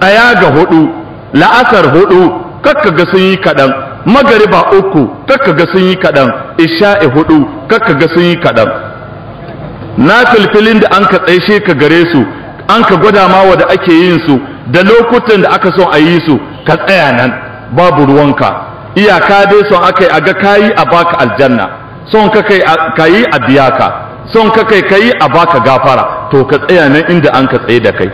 tsaya ga hudu la'asar hudu kakka ga sun yi kaɗan magariba uku kaka ga sun yi kaɗan isha'i hudu kaka ga sun yi kaɗan na filfilin da an ka tsaishe ka gare su an ka gwada mawa da ake yin su da lokutan da aka son a yi su ka tsaya nan babu ruwanka iyaka dai son aka yi a ga kayi a baka aljanna son ka kai kayi a biya ka son ka kai kayi a baka gafara to ka tsaya nan inda an ka tsaye da kai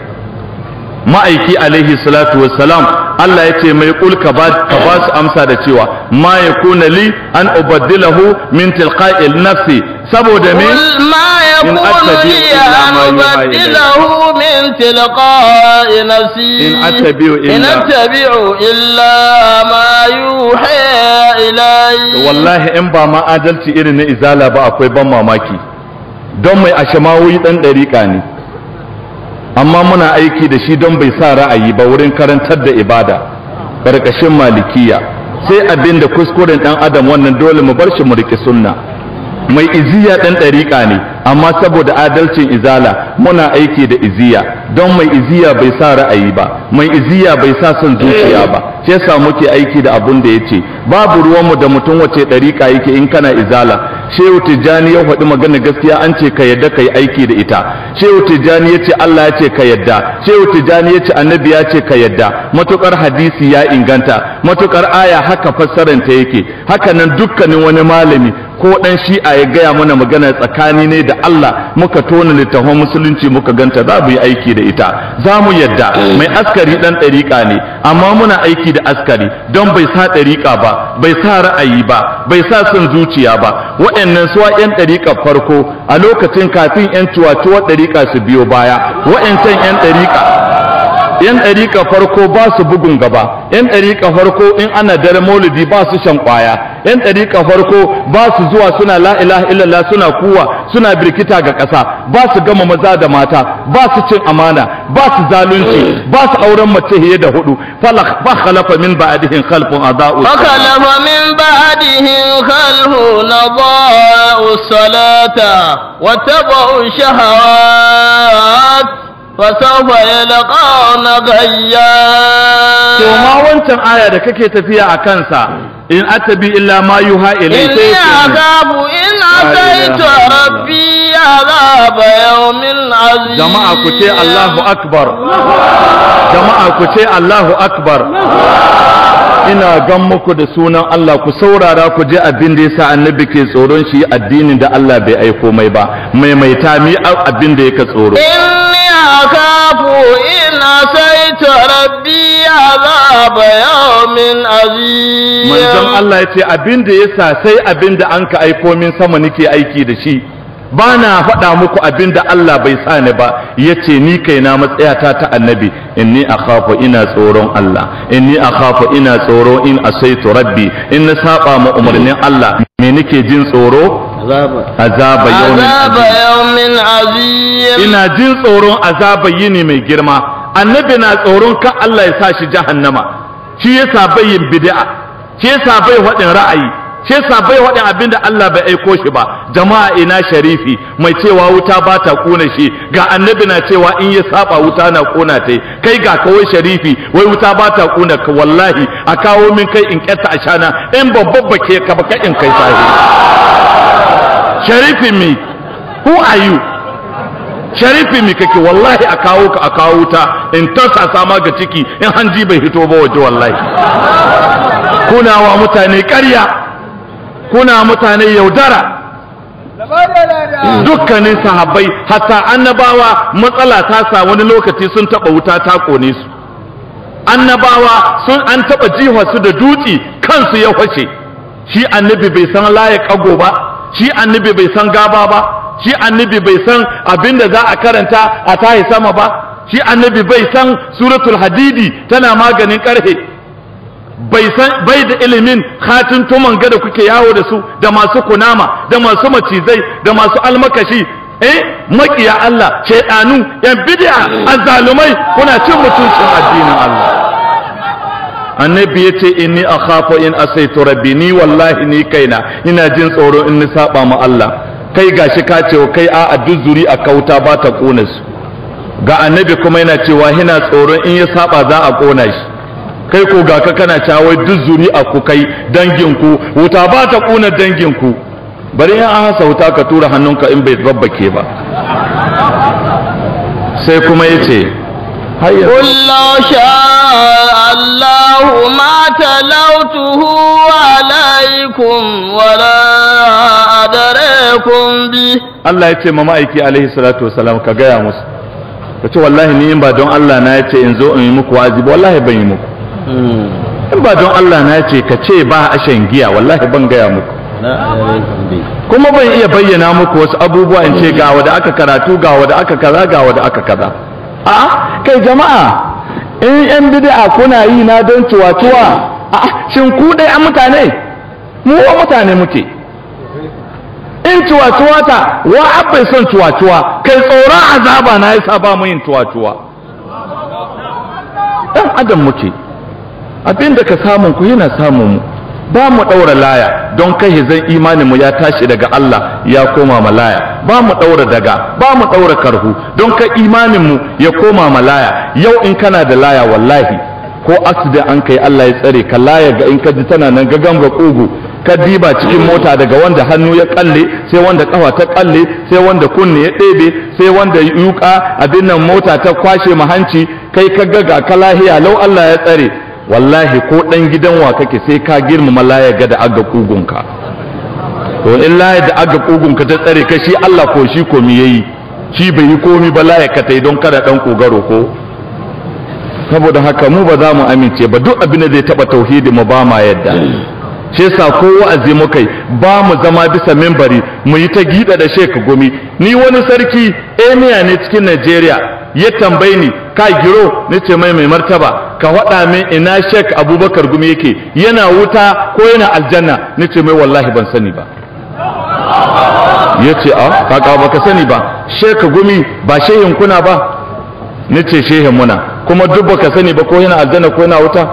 ma'aiki alaihi salatu wassalam Allah ya ce mai kul ka ba su amsa da cewa ma yakuna li an ubaddilahu min tilqa'i nafsi saboda me ma yakunu li an ubaddilahu min tilqa'i nafsi in attabi'u illa in attabi'u illa ma yuha ilayya wallahi in ba ma adalci irin na izala ba akwai ban mamaki don mai ashamawi dan dariƙa ne amma muna aiki da shi don bai sa ra'ayi ba wurin karantar da ibada ƙarƙashin malikiya sai abin da kuskuren ɗan adam wannan dole mu bar shi mu riƙe sunna mai iziya ɗan ɗariƙa ne amma saboda adalcin izala muna aiki da iziya don mai iziya bai sa ra'ayi ba mai iziya bai sa son zuciya ba sai sa muke aiki da abun da yace babu ruwanmu da mutum wace ɗariƙa yake in kana izala shehu tijjani ya faɗi magana gaskiya an ce ka yadda ka yi aiki da ita shehu tijjani ya ce allah ya ce ka yadda shehu tijjani ya ce annabi ya ce ka yadda matukar hadisi ya inganta matukar aya haka fassaranta yake haka nan dukkanin wani malami ko ɗan shi'a ya gaya mana magana tsakani ne da Allah muka tona littafin musulunci muka ganta za mu yi aiki da ita za mu yadda mai askari ɗan ɗariƙa ne amma muna aiki da askari don bai sa ɗariƙa ba bai sa ra'ayi ba bai sa son zuciya ba wa'annan suwa ƴan ɗariƙa farko a lokacin kafin ƴan tuwatuwar ɗariƙa su biyo baya Waɗancan ƴan ɗariƙa yan ɗariƙa farko ba su bugun gaba yan ɗariƙa farko in ana dare maulidi ba su shan ƙwaya yan ɗariƙa farko ba su zuwa suna la ilaha illallah suna kuwa suna birkita ga ƙasa ba su gama maza da mata ba su cin amana ba su zalunci ba su auren mace hiye da hudu falak ba khalafa min ba'dihim khalfun khalafa min ba'dihim khalfun salata wa tabu shahawat فسوف يلقون غيا gayya. ma wancan aya da kake tafiya a kansa in atabi illa ma yuha ilayhi sai ya azabu in ataitu rabbi azab yawmin azim jama'a ku jama'a ku ce Allahu akbar ina gan muku da sunan Allah ku saurara ku je abin da yasa annabi ke tsoron shi addinin da Allah bai aiko mai ba maimaita mi abin da yake tsoro inni akafu in asaita rabbi azab yawmin azim manzon Allah yace abin da yasa sai abin da anka aiko min sama nake aiki da shi ba na faɗa muku abin da Allah bai sa ni ba ya ce ni kaina matsayata ta annabi Ni a akhafu ina tsoron Allah Ni a akhafu ina tsoro in asaitu rabbi in na saba ma umarnin Allah me nake jin tsoro azaba yawmin azim ina jin tsoron azaba yini mai girma annabi na tsoron ka Allah ya sa shi jahannama shi yasa bai yin bid'a shi yasa bai faɗin ra'ayi shi yasa bai wadin abin da Allah bai aiko shi ba jama'a ina sharifi mai cewa wuta ba ta kona shi ga annabi na cewa in ya saba wuta na kona ta kai ga kawai sharifi wai wuta ba ta kona ka wallahi a kawo min kai in ƙyata a shana in babban bake ka baka in kai sahi sharifi mi who are you sharifi mi kake wallahi a kawo ka a kawo wuta in tasa sama ga ciki in hanji bai hito ba waje wallahi kunawa mutane ƙarya kuna mutane yaudara dukkanin sahabbai hatta annabawa matsala ta sa wani lokaci sun taɓa wuta ta ƙone su annabawa sun an taɓa su da dutse kansu ya kwace shi annabi bai san laye kago ba shi annabi bai san gaba ba shi annabi bai san abin da za a karanta a tahi sama ba shi annabi bai san suratul hadidi tana maganin ƙarhe bai san bai da ilimin to tuman gada kuke yawo da su da masu kunama da masu macizai da masu almakashi eh makiya Allah shaidanu yan bid'a azzalumai kuna cin mutuncin addinin Allah annabi yace inni akhafu in asaytu rabbi ni wallahi ni kaina ina jin tsoro in ni saba ma Allah kai gashi ka ce kai a duk zuri a kauta ba ta kona su ga annabi kuma yana cewa ina tsoro in ya saba za a kona shi kai ko ga ka kana cawai duk zuri'a ku kai danginku wuta ba ta kuna danginku bari in an hasa wuta ka tura hannunka in bai babbake ba sai kuma ya ce قل شاء الله ما تلوته عليكم ولا أدريكم به الله يتي ماما ايكي عليه ka والسلام كغايا مس kace wallahi ni in ba don Allah na yace in zo in yi muku wazi wallahi ban yi muku in ba don Allah na ce ka ce ba a shan giya wallahi ban gaya muku kuma ban iya bayyana muku wasu abubuwa in ce ga wada aka karatu ga wada aka kaza ga wada aka kaza a kai jama'a in yan bid'a kuna yi na don tuwatuwa a shin ku dai an mutane mu wa mutane muke in tuwatuwa ta wa abbai son tuwatuwa kai tsoron azaba na yasa ba mu yin tuwatuwa dan adam muke abin da ka samun ku yana samun mu ba mu ɗaura laya don kai zan imanin mu ya tashi daga Allah ya koma malaya ba mu ɗaura daga ba mu ɗaura karhu don kai imanin mu ya koma malaya yau in kana da laya wallahi ko asida an kai Allah ya tsare ka laya ga in ka ji tana nan ga ga kugu ka diba cikin mota daga wanda hannu ya kalle sai wanda kafa ta kalle sai wanda kunne ya ɗebe sai wanda yuka abin nan mota ta kwashe mahanci kai ka ga ka lahiya lau Allah ya tsare wallahi ko ɗan gidan wa kake sai ka girmama layaga ga da aga kugunka to in laya da aga kugunka ta tsare ka shi Allah ko shi komi yayi shi bai yi komi ba laya ka tai don kada dan kogaro ko saboda haka mu ba za mu amince ba duk abin da zai taba tauhidi mu ba ma yadda shi yasa ko wa'azi mu kai ba mu zama bisa membari mu yi ta gida da sheka gumi ni wani sarki miya ne cikin Najeriya ya tambaye ni ka giro na ce mai mai martaba ka faɗa min ina shek abubakar gumi yake yana wuta ko yana aljanna na ce mai wallahi ban sani ba ya ce a kaka baka sani ba shek gumi ba shehin kuna ba na ce shehin muna kuma duk baka sani ba ko yana aljanna ko yana wuta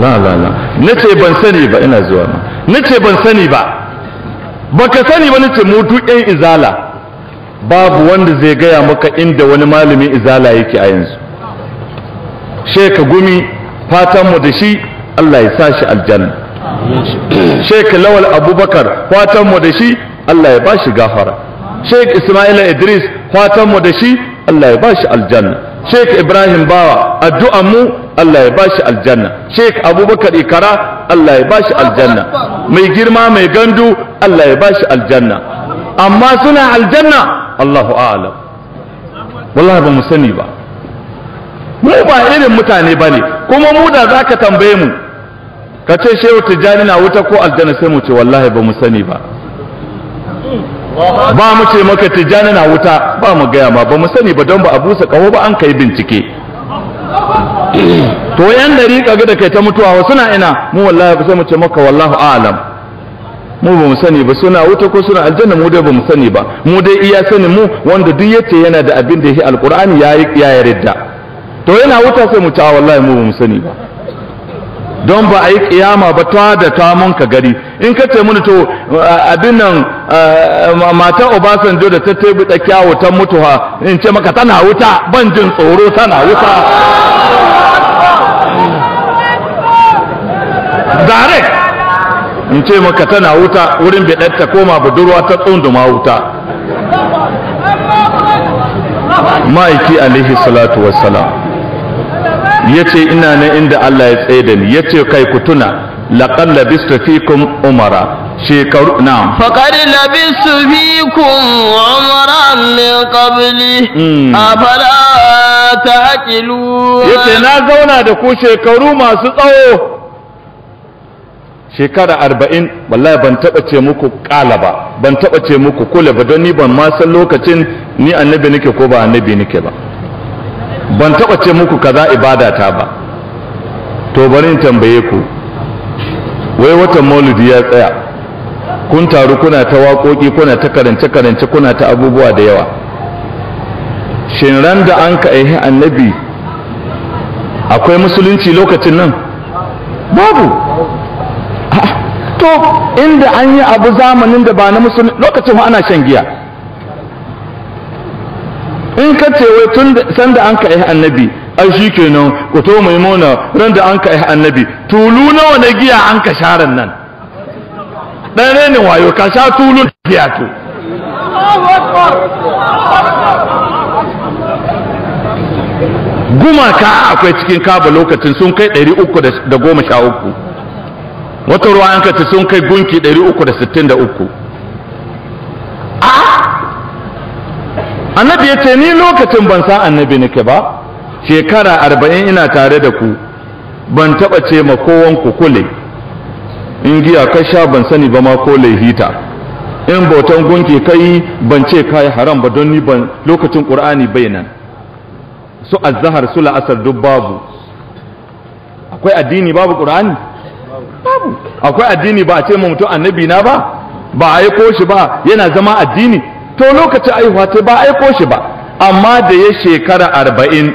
la la la na ce ban sani ba ina zuwa na ce ban sani ba baka sani ba na ce mutu duk yan izala babu wanda zai gaya maka inda wani malami izala yake a yanzu sheka gumi fatanmu da shi Allah ya sa shi aljanna sheka lawal abubakar fatanmu da shi Allah ya ba shi gafara shek ismaila idris fatanmu da shi Allah ya ba shi aljanna shek ibrahim bawa addu'an mu Allah ya ba shi aljanna shek abubakar ikara Allah ya ba shi aljanna mai girma mai gandu Allah ya ba shi aljanna amma suna aljanna Allahu a'lam wallahi ba mu sani ba mu ba irin mutane bane kuma mu da zaka tambaye mu ka ce shehu tijjani na wuta ko aljanna sai mu ce wallahi ba mu sani ba ba mu ce maka tijjani na wuta ba mu gaya ma ba mu sani ba don ba a busa kawo ba an kai bincike to yan dari kaga da kai ta mutuwa suna ina mu wallahi ba sai mu ce maka wallahu a'lam mu ba mu sani ba suna wuta ko suna aljanna mu dai ba mu sani ba mu dai iya sani mu wanda duk yace yana da abin da yake alqur'ani ya ya yarda to yana wuta sai mu ta wallahi mu ba mu sani ba don ba a yi kiyama ba ta da ta ka gari in ka ce mun to abin nan matan obasanjo da ta tebi ta wutan mutuwa in ce maka tana wuta ban jin tsoro tana wuta direct in ce maka tana wuta wurin bidar koma budurwa ta tsunduma wuta ma'aiki alaihi salatu wassalam ya ce ina nan inda Allah ya tsaye da ni ya ce kai ku tuna laƙar labistu fikum umara shekaru na faƙar labistu fikum umara min qabli hmm. afala ta haƙilu ya ce na zauna da ku shekaru masu tsawo shekara arba'in wallahi ban taɓa ce muku ƙala ba ban taɓa ce muku kula ba don ni ban ma san lokacin ni annabi nake ko ba annabi nake ba ban taɓa ce muku kaza ibada ta ba to bari in tambaye ku wai watan mauludi ya tsaya kun taru kuna ta waƙoƙi kuna ta karance karance kuna ta abubuwa da yawa shin ran da an ka aihi annabi akwai musulunci lokacin nan babu to inda an yi abu zamanin da ba na musulmi lokacin ana shan giya in ka ce wai tun sanda an ka yi annabi ai shi kenan kwato mai mona ran da an ka yi annabi tulu nawa na giya an ka sharan nan ɗan ne wayo ka sha tulu giya to gumaka akwai cikin kaba lokacin sun kai 313 wata ruwa an kace sun kai gunki 363 a annabi ya ce ni lokacin ban san annabi nake ba shekara arba'in ina tare da ku ban taba ce ma kowan ku kule in giya ka sha ban sani ba ma ko laihita in bautan gunki kai ban ce kai haram ba don ni ban lokacin qur'ani bai nan su azhar su la'asar duk babu akwai addini babu qur'ani babu akwai addini ba a ce mutum annabi na ba ba a aiko shi ba yana zama addini to lokacin aihuwa ta ba aiko shi ba amma da ya shekara arba'in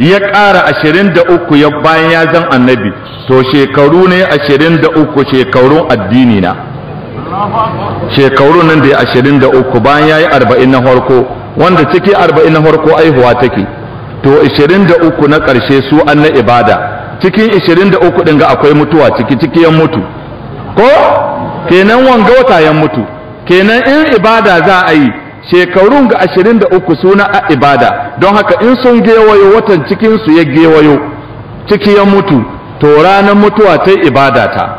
ya ƙara ashirin da uku ya bayan ya zan annabi to shekaru ne ashirin da uku shekarun addini na shekarun nan da ya ashirin da uku bayan ya yi arba'in na farko wanda ciki arba'in na farko aihuwa take to ashirin da uku na ƙarshe su an na ibada cikin 23 din ga akwai mutuwa ciki ciki mutu ko kenan wanga wata mutu kenan in ibada za a yi shekarun ga 23 suna a ibada don haka in sun gewayo watan cikin su ya gewayo ciki mutu to ranar mutuwa ta ibada ta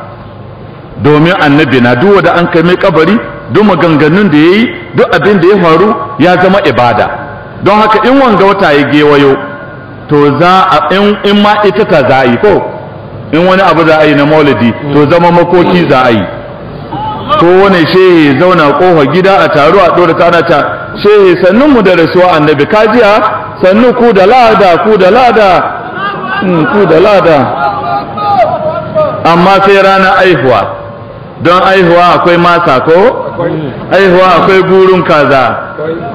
domin annabi na duk wanda an kai mai kabari duk maganganun da yayi duk abin da ya faru ya zama ibada don haka in wanga wata ya gewayo to za a in ma ita ta za yi ko in wani abu za a yi na maulidi to zama makoki za a yi ko wani shehe zauna kofa gida a taro a ɗora kana ta shehe sannun mu da rasuwa annabi kajiya sannu ku da lada ku da lada hmm, ku da lada amma sai ranar aihuwa don aihuwa akwai masa ko aihuwa akwai gurun kaza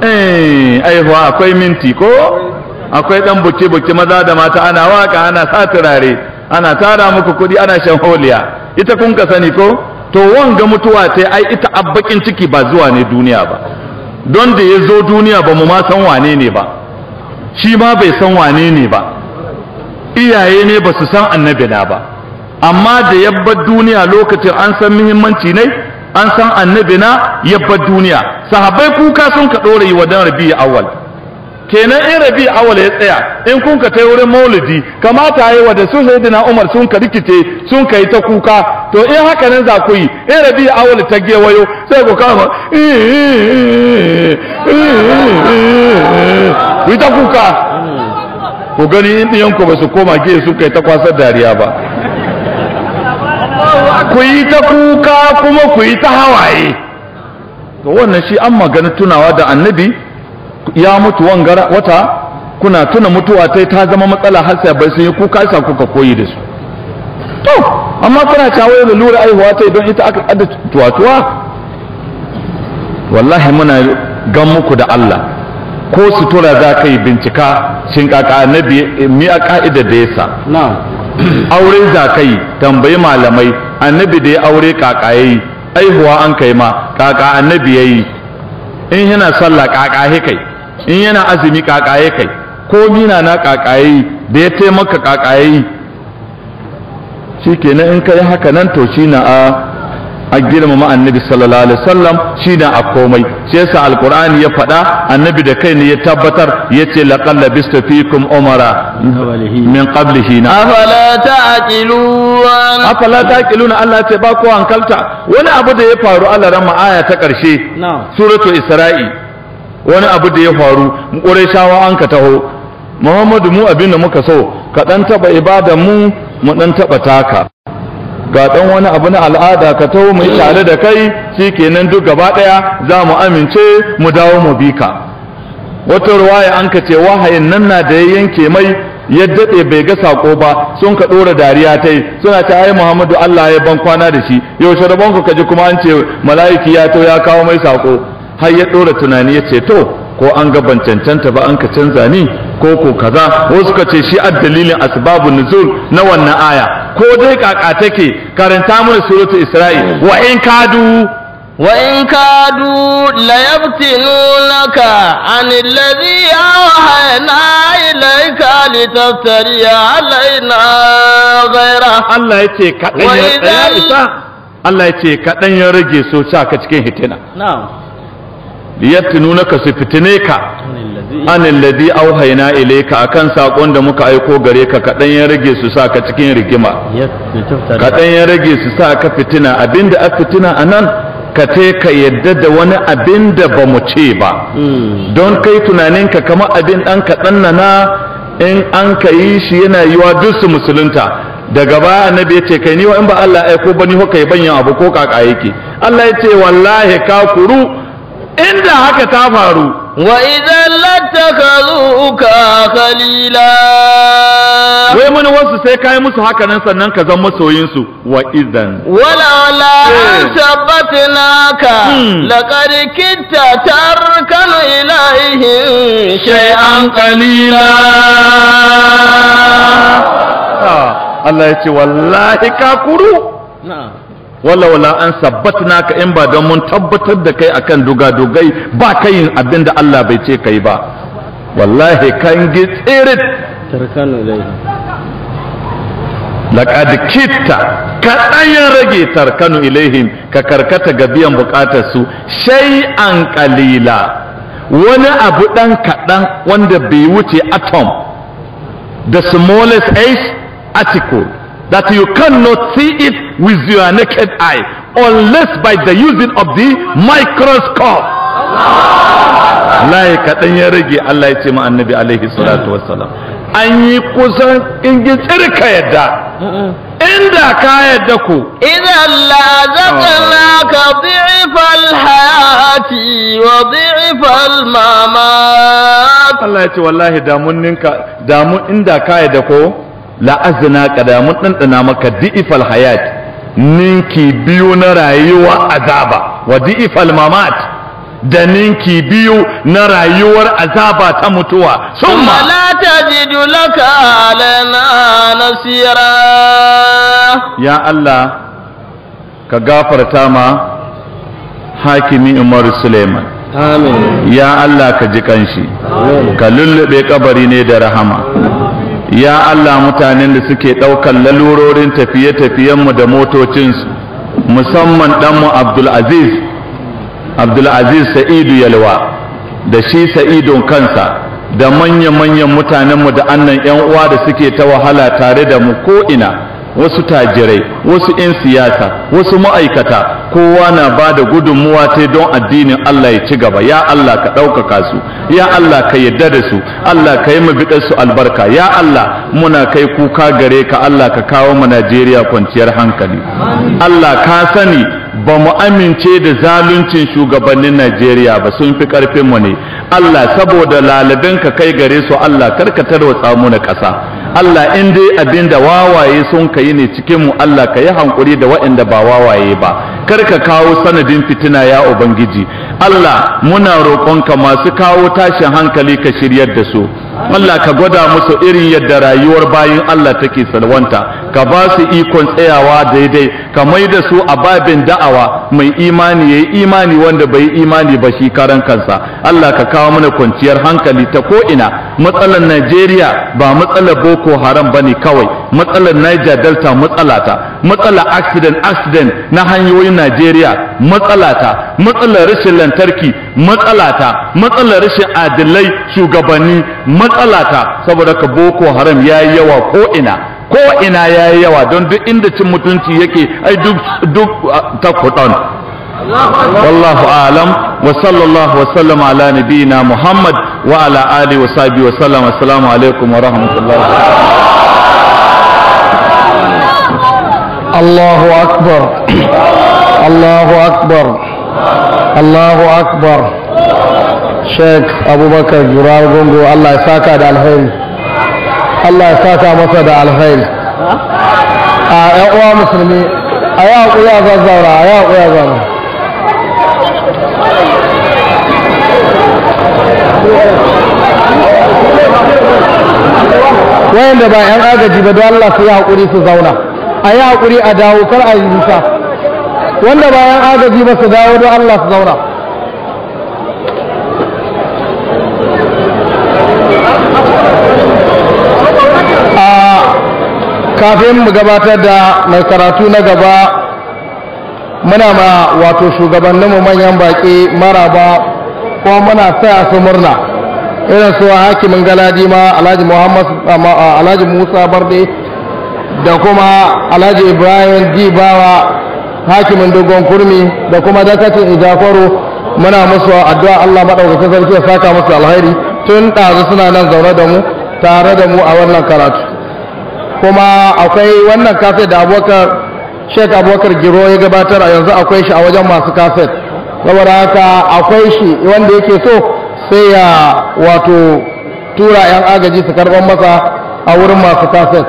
eh, aihuwa akwai minti ko akwai ɗan buki buki maza da mata ana waka ana sa turare ana tara muku kuɗi ana shan holiya ita kun ka sani ko to wanga mutuwa ta ai ita abbakin ciki ba zuwa ne duniya ba don da ya zo duniya ba mu ma san wane ne ba shi ma bai san wane ne ba iyaye ne ba su san annabi na ba amma da yabbar duniya lokacin an san muhimmanci ne an san annabi na yabbar duniya sahabbai kuka sun ka ɗora yi wa dan rabi'u awwal kenan in rabi awal ya tsaya in kun ka tai wurin maulidi kamata yi wa da su sayyidina umar sun ka rikice sun kai ta kuka to in haka nan za ku yi in rabi awal ta gewayo sai ku kama ku ta kuka ku gani in ɗiyanku ba su koma ke su kai ta kwasar dariya ba ku yi ta kuka kuma ku yi ta hawaye to wannan shi an magana tunawa da annabi ya mutu wanga wata kuna tuna mutuwa ta ta zama matsala har sai bai sun yi kuka sa kuka koyi da su to amma kuna cawo da lura aihuwa ta idan ita aka adda tuwatuwa wallahi muna gan muku da Allah ko sutura za ka yi bincika shin kaka na mi a ka'idar da yasa aure za ka yi tambayi malamai annabi da ya aure kaka yi, aihuwa an kai ma kaka annabi yayi in yana sallah kaka he kai in yana azumi kakaye kai ko mina na kakaye da ya taimaka kakaye shi kenan in ka yi haka nan to shi na a a girmama annabi sallallahu alaihi wasallam na a komai shi yasa alqur'ani ya faɗa annabi da kai ne ya tabbatar yace laqad labistu fikum umara min qablihi na afala ta'qilun afala ta'qilun Allah ya ce ba ku hankalta wani abu da ya faru Allah ran aya ta karshe suratu isra'i wani abu da ya faru shawa an ka taho muhammadu mu abin da muka so ka ɗan taɓa ibada mu mu ɗan taɓa taka ga ɗan wani abu na al'ada ka taho mu yi tare da kai shi kenan duk gaba ɗaya za mu amince mu dawo mu bi ka wata ruwaya an ka ce wahayin nan na da ya yanke mai ya daɗe bai ga sako ba sun ka ɗora dariya ta yi suna ta ai muhammadu allah ya ban kwana da shi yaushe rabonku ka ji kuma an ce mala'iki ya to ya kawo mai sako har ya ɗora tunani ya ce to ko an ga ban cancanta ba an ka canza ni ko ko kaza wasu ka ce shi a dalilin asbabu nuzul na wannan aya ko dai kaka take karanta mana suratul isra'il wa in kadu wa in kadu la yabtilunaka an alladhi awhayna ilayka litaftari alaina ghayra Allah yace kadan ya isa Allah yace ya rage so cha ka cikin hitina na'am ka su fitine ka an auhaina auhayna ilayka akan sakon da muka aiko gare ka kadan ya rage su sa ka cikin rigima kadan ya rage su sa ka fitina abinda a fitina anan ka te ka yadda da wani abin da ba mu ce ba hmm. don kai tunaninka kamar abin dan kaɗan na na in an ka yi shi yana yiwa duk su musulunta daga baya annabi ce kai ni wa in ba Allah aiko ko ni kai banyan abu ko kaka yake Allah ce wallahi ka kuru inda haka ta faru wa idan zuka khalila wai mun wasu sai kai musu haka nan sannan ka zama masoyin su wa idan wala la eh. ka hmm. laqad kitta tarkan ilaihi shay'an qalila ah, Allah ya ce wallahi kakuru na'am wala an sabbatna ka in ba don mun tabbatar da kai akan dugadugai ba ka yin abin da Allah bai ce kai ba wallahi kan gi tsirit laqad kitta ka ɗayan rage tarkanu ilaihim ka karkata ga biyan bukatar su an qalila wani abu ɗan kaɗan wanda bai wuce atom the smallest ace article that you cannot see it with your naked eye unless by the using of the microscope layi kaɗan ya rage Allah ya ce ma annabi alaihi salatu wassalam an yi kusan in gitsir tsirka yadda inda ka yadda ku idan la zakana ka dhi'fal hayati wa dhi'fal mamat Allah ya ce wallahi damun ninka damun inda ka yadda ko la'azina kadamun ɗanɗana maka di'ifal hayat ninki biyu na rayuwar azaba wa di'ifal mamat da ninki biyu na rayuwar azaba ta mutuwa summa la tajidu laka alana nasira ya Allah ka gafarta ma hakimi Umar Suleiman amin ya Allah ka ji kanshi ka lullube kabari ne da rahama ya Allah mutanen da suke ɗaukar lalurorin tafiye-tafiyenmu da motocinsu musamman ɗanmu abdulaziz abdulaziz sa'idu yalwa da shi sa'idun kansa da manya-manyan mutanenmu da annan 'yan uwa da suke ta wahala tare da mu ko'ina wasu tajirai wasu 'yan siyasa wasu ma'aikata kowa na ba da gudunmuwa ta don addinin Allah ya ci gaba ya Allah ka ɗaukaka su ya Allah ka yadda da su Allah ka yi su albarka ya Allah muna kai kuka gare ka Allah ka kawo mu Najeriya kwanciyar hankali Allah ka sani ba mu amince da zaluncin shugabannin Najeriya ba sun fi ƙarfin mu ne Allah saboda laladinka kai gare su Allah karkatar wa tsamu na ƙasa Allah in dai abinda wawaye sun kayi ne cikin mu Allah ka yi hankuri da waɗanda ba wawaye ba kar ka kawo sanadin fitina ya ubangiji Allah muna roƙonka masu kawo tashin hankali ka shiryar da su Allah ka gwada musu irin yadda rayuwar bayin Allah take salwanta ka ba su ikon tsayawa daidai ka mai da su a babin da'awa mai imani yayi imani wanda bai imani ba shi karan kansa Allah ka kawo mana kwanciyar hankali ta ko ina matsalar Najeriya ba matsalar boko boko haram ba kawai matsalar niger delta matsalata matsalar accident accident na hanyoyin najeriya matsalata matsalar rashin lantarki matsalata matsalar rashin adilai shugabanni matsalata saboda ka boko haram ya yi yawa ko ina ko ina ya yi yawa don duk inda cin mutunci yake ai duk duk ah, takudan والله أعلم وصلى الله وسلم على نبينا محمد وعلى آله وصحبه وسلم السلام عليكم ورحمة الله الله أكبر الله أكبر الله أكبر شيخ أبو بكر جرار غونغو الله يساك على الخير الله يساك مسد على الخير آه، يا مسلمين أياك آه، يا زوزورا أياك يا زوزورا wayanda ba 'yan agaji ba don Allah su yi haƙuri su zauna a yi haƙuri a dawo kar a yi nisa wanda ba 'yan agaji ba su dawo don Allah su zauna kafin mu gabatar da mai karatu na gaba muna ma wato shugabanninmu manyan baƙi maraba ko muna taya su murna irin su hakimin galadi ma alhaji muhammad alhaji musa barde da kuma alhaji ibrahim dibawa hakimin dogon kurmi da kuma dakacin ijakwaro muna musu addu'a allah maɗaukakin sarki ya saka musu alhairi tun ɗazu suna nan zaune da mu tare da mu a wannan karatu kuma akwai wannan kafe da abokan sheik abubakar giro ya gabatar a yanzu akwai shi a wajen masu kaset saboda haka akwai shi wanda yake so sai ya wato tura 'yan agaji su karɓar masa a wurin masu kaset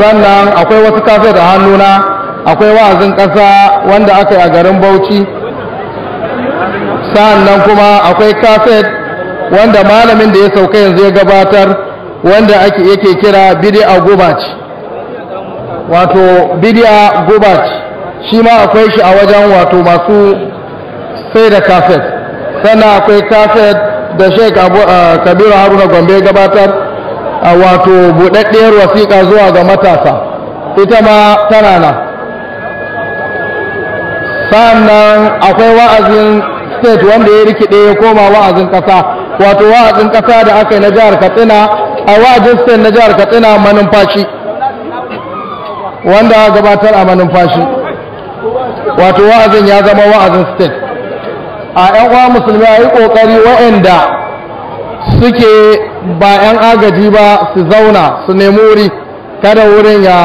sannan akwai wasu kaset a hannuna akwai wa'azin ƙasa wanda aka yi a garin bauchi sannan kuma akwai kaset wanda malamin da ya sauka yanzu ya gabatar wanda ake yake kira bidi a gubaci wato bidiya gubat shi ma akwai shi a wajen wato masu sai da kafet sannan akwai kafet da sheik kabiru haruna gombe gabatar a wato buɗaɗɗiyar wasiƙa zuwa ga matasa ita ma tana na sannan akwai wa'azin state wanda ya rikide ya koma wa'azin ƙasa wato wa'azin ƙasa da aka yi na jihar katsina a wa'azin state na jihar katsina manumfashi wanda gabatar a manumfashi wato wa'azin ya zama wa'azin state a 'yan uwa musulmi a yi ƙoƙari waɗanda suke ba 'yan agaji ba su zauna su nemi wuri kada wurin ya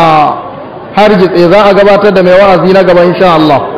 hargitse za a gabatar da mai wa'azi na gaba insha Allah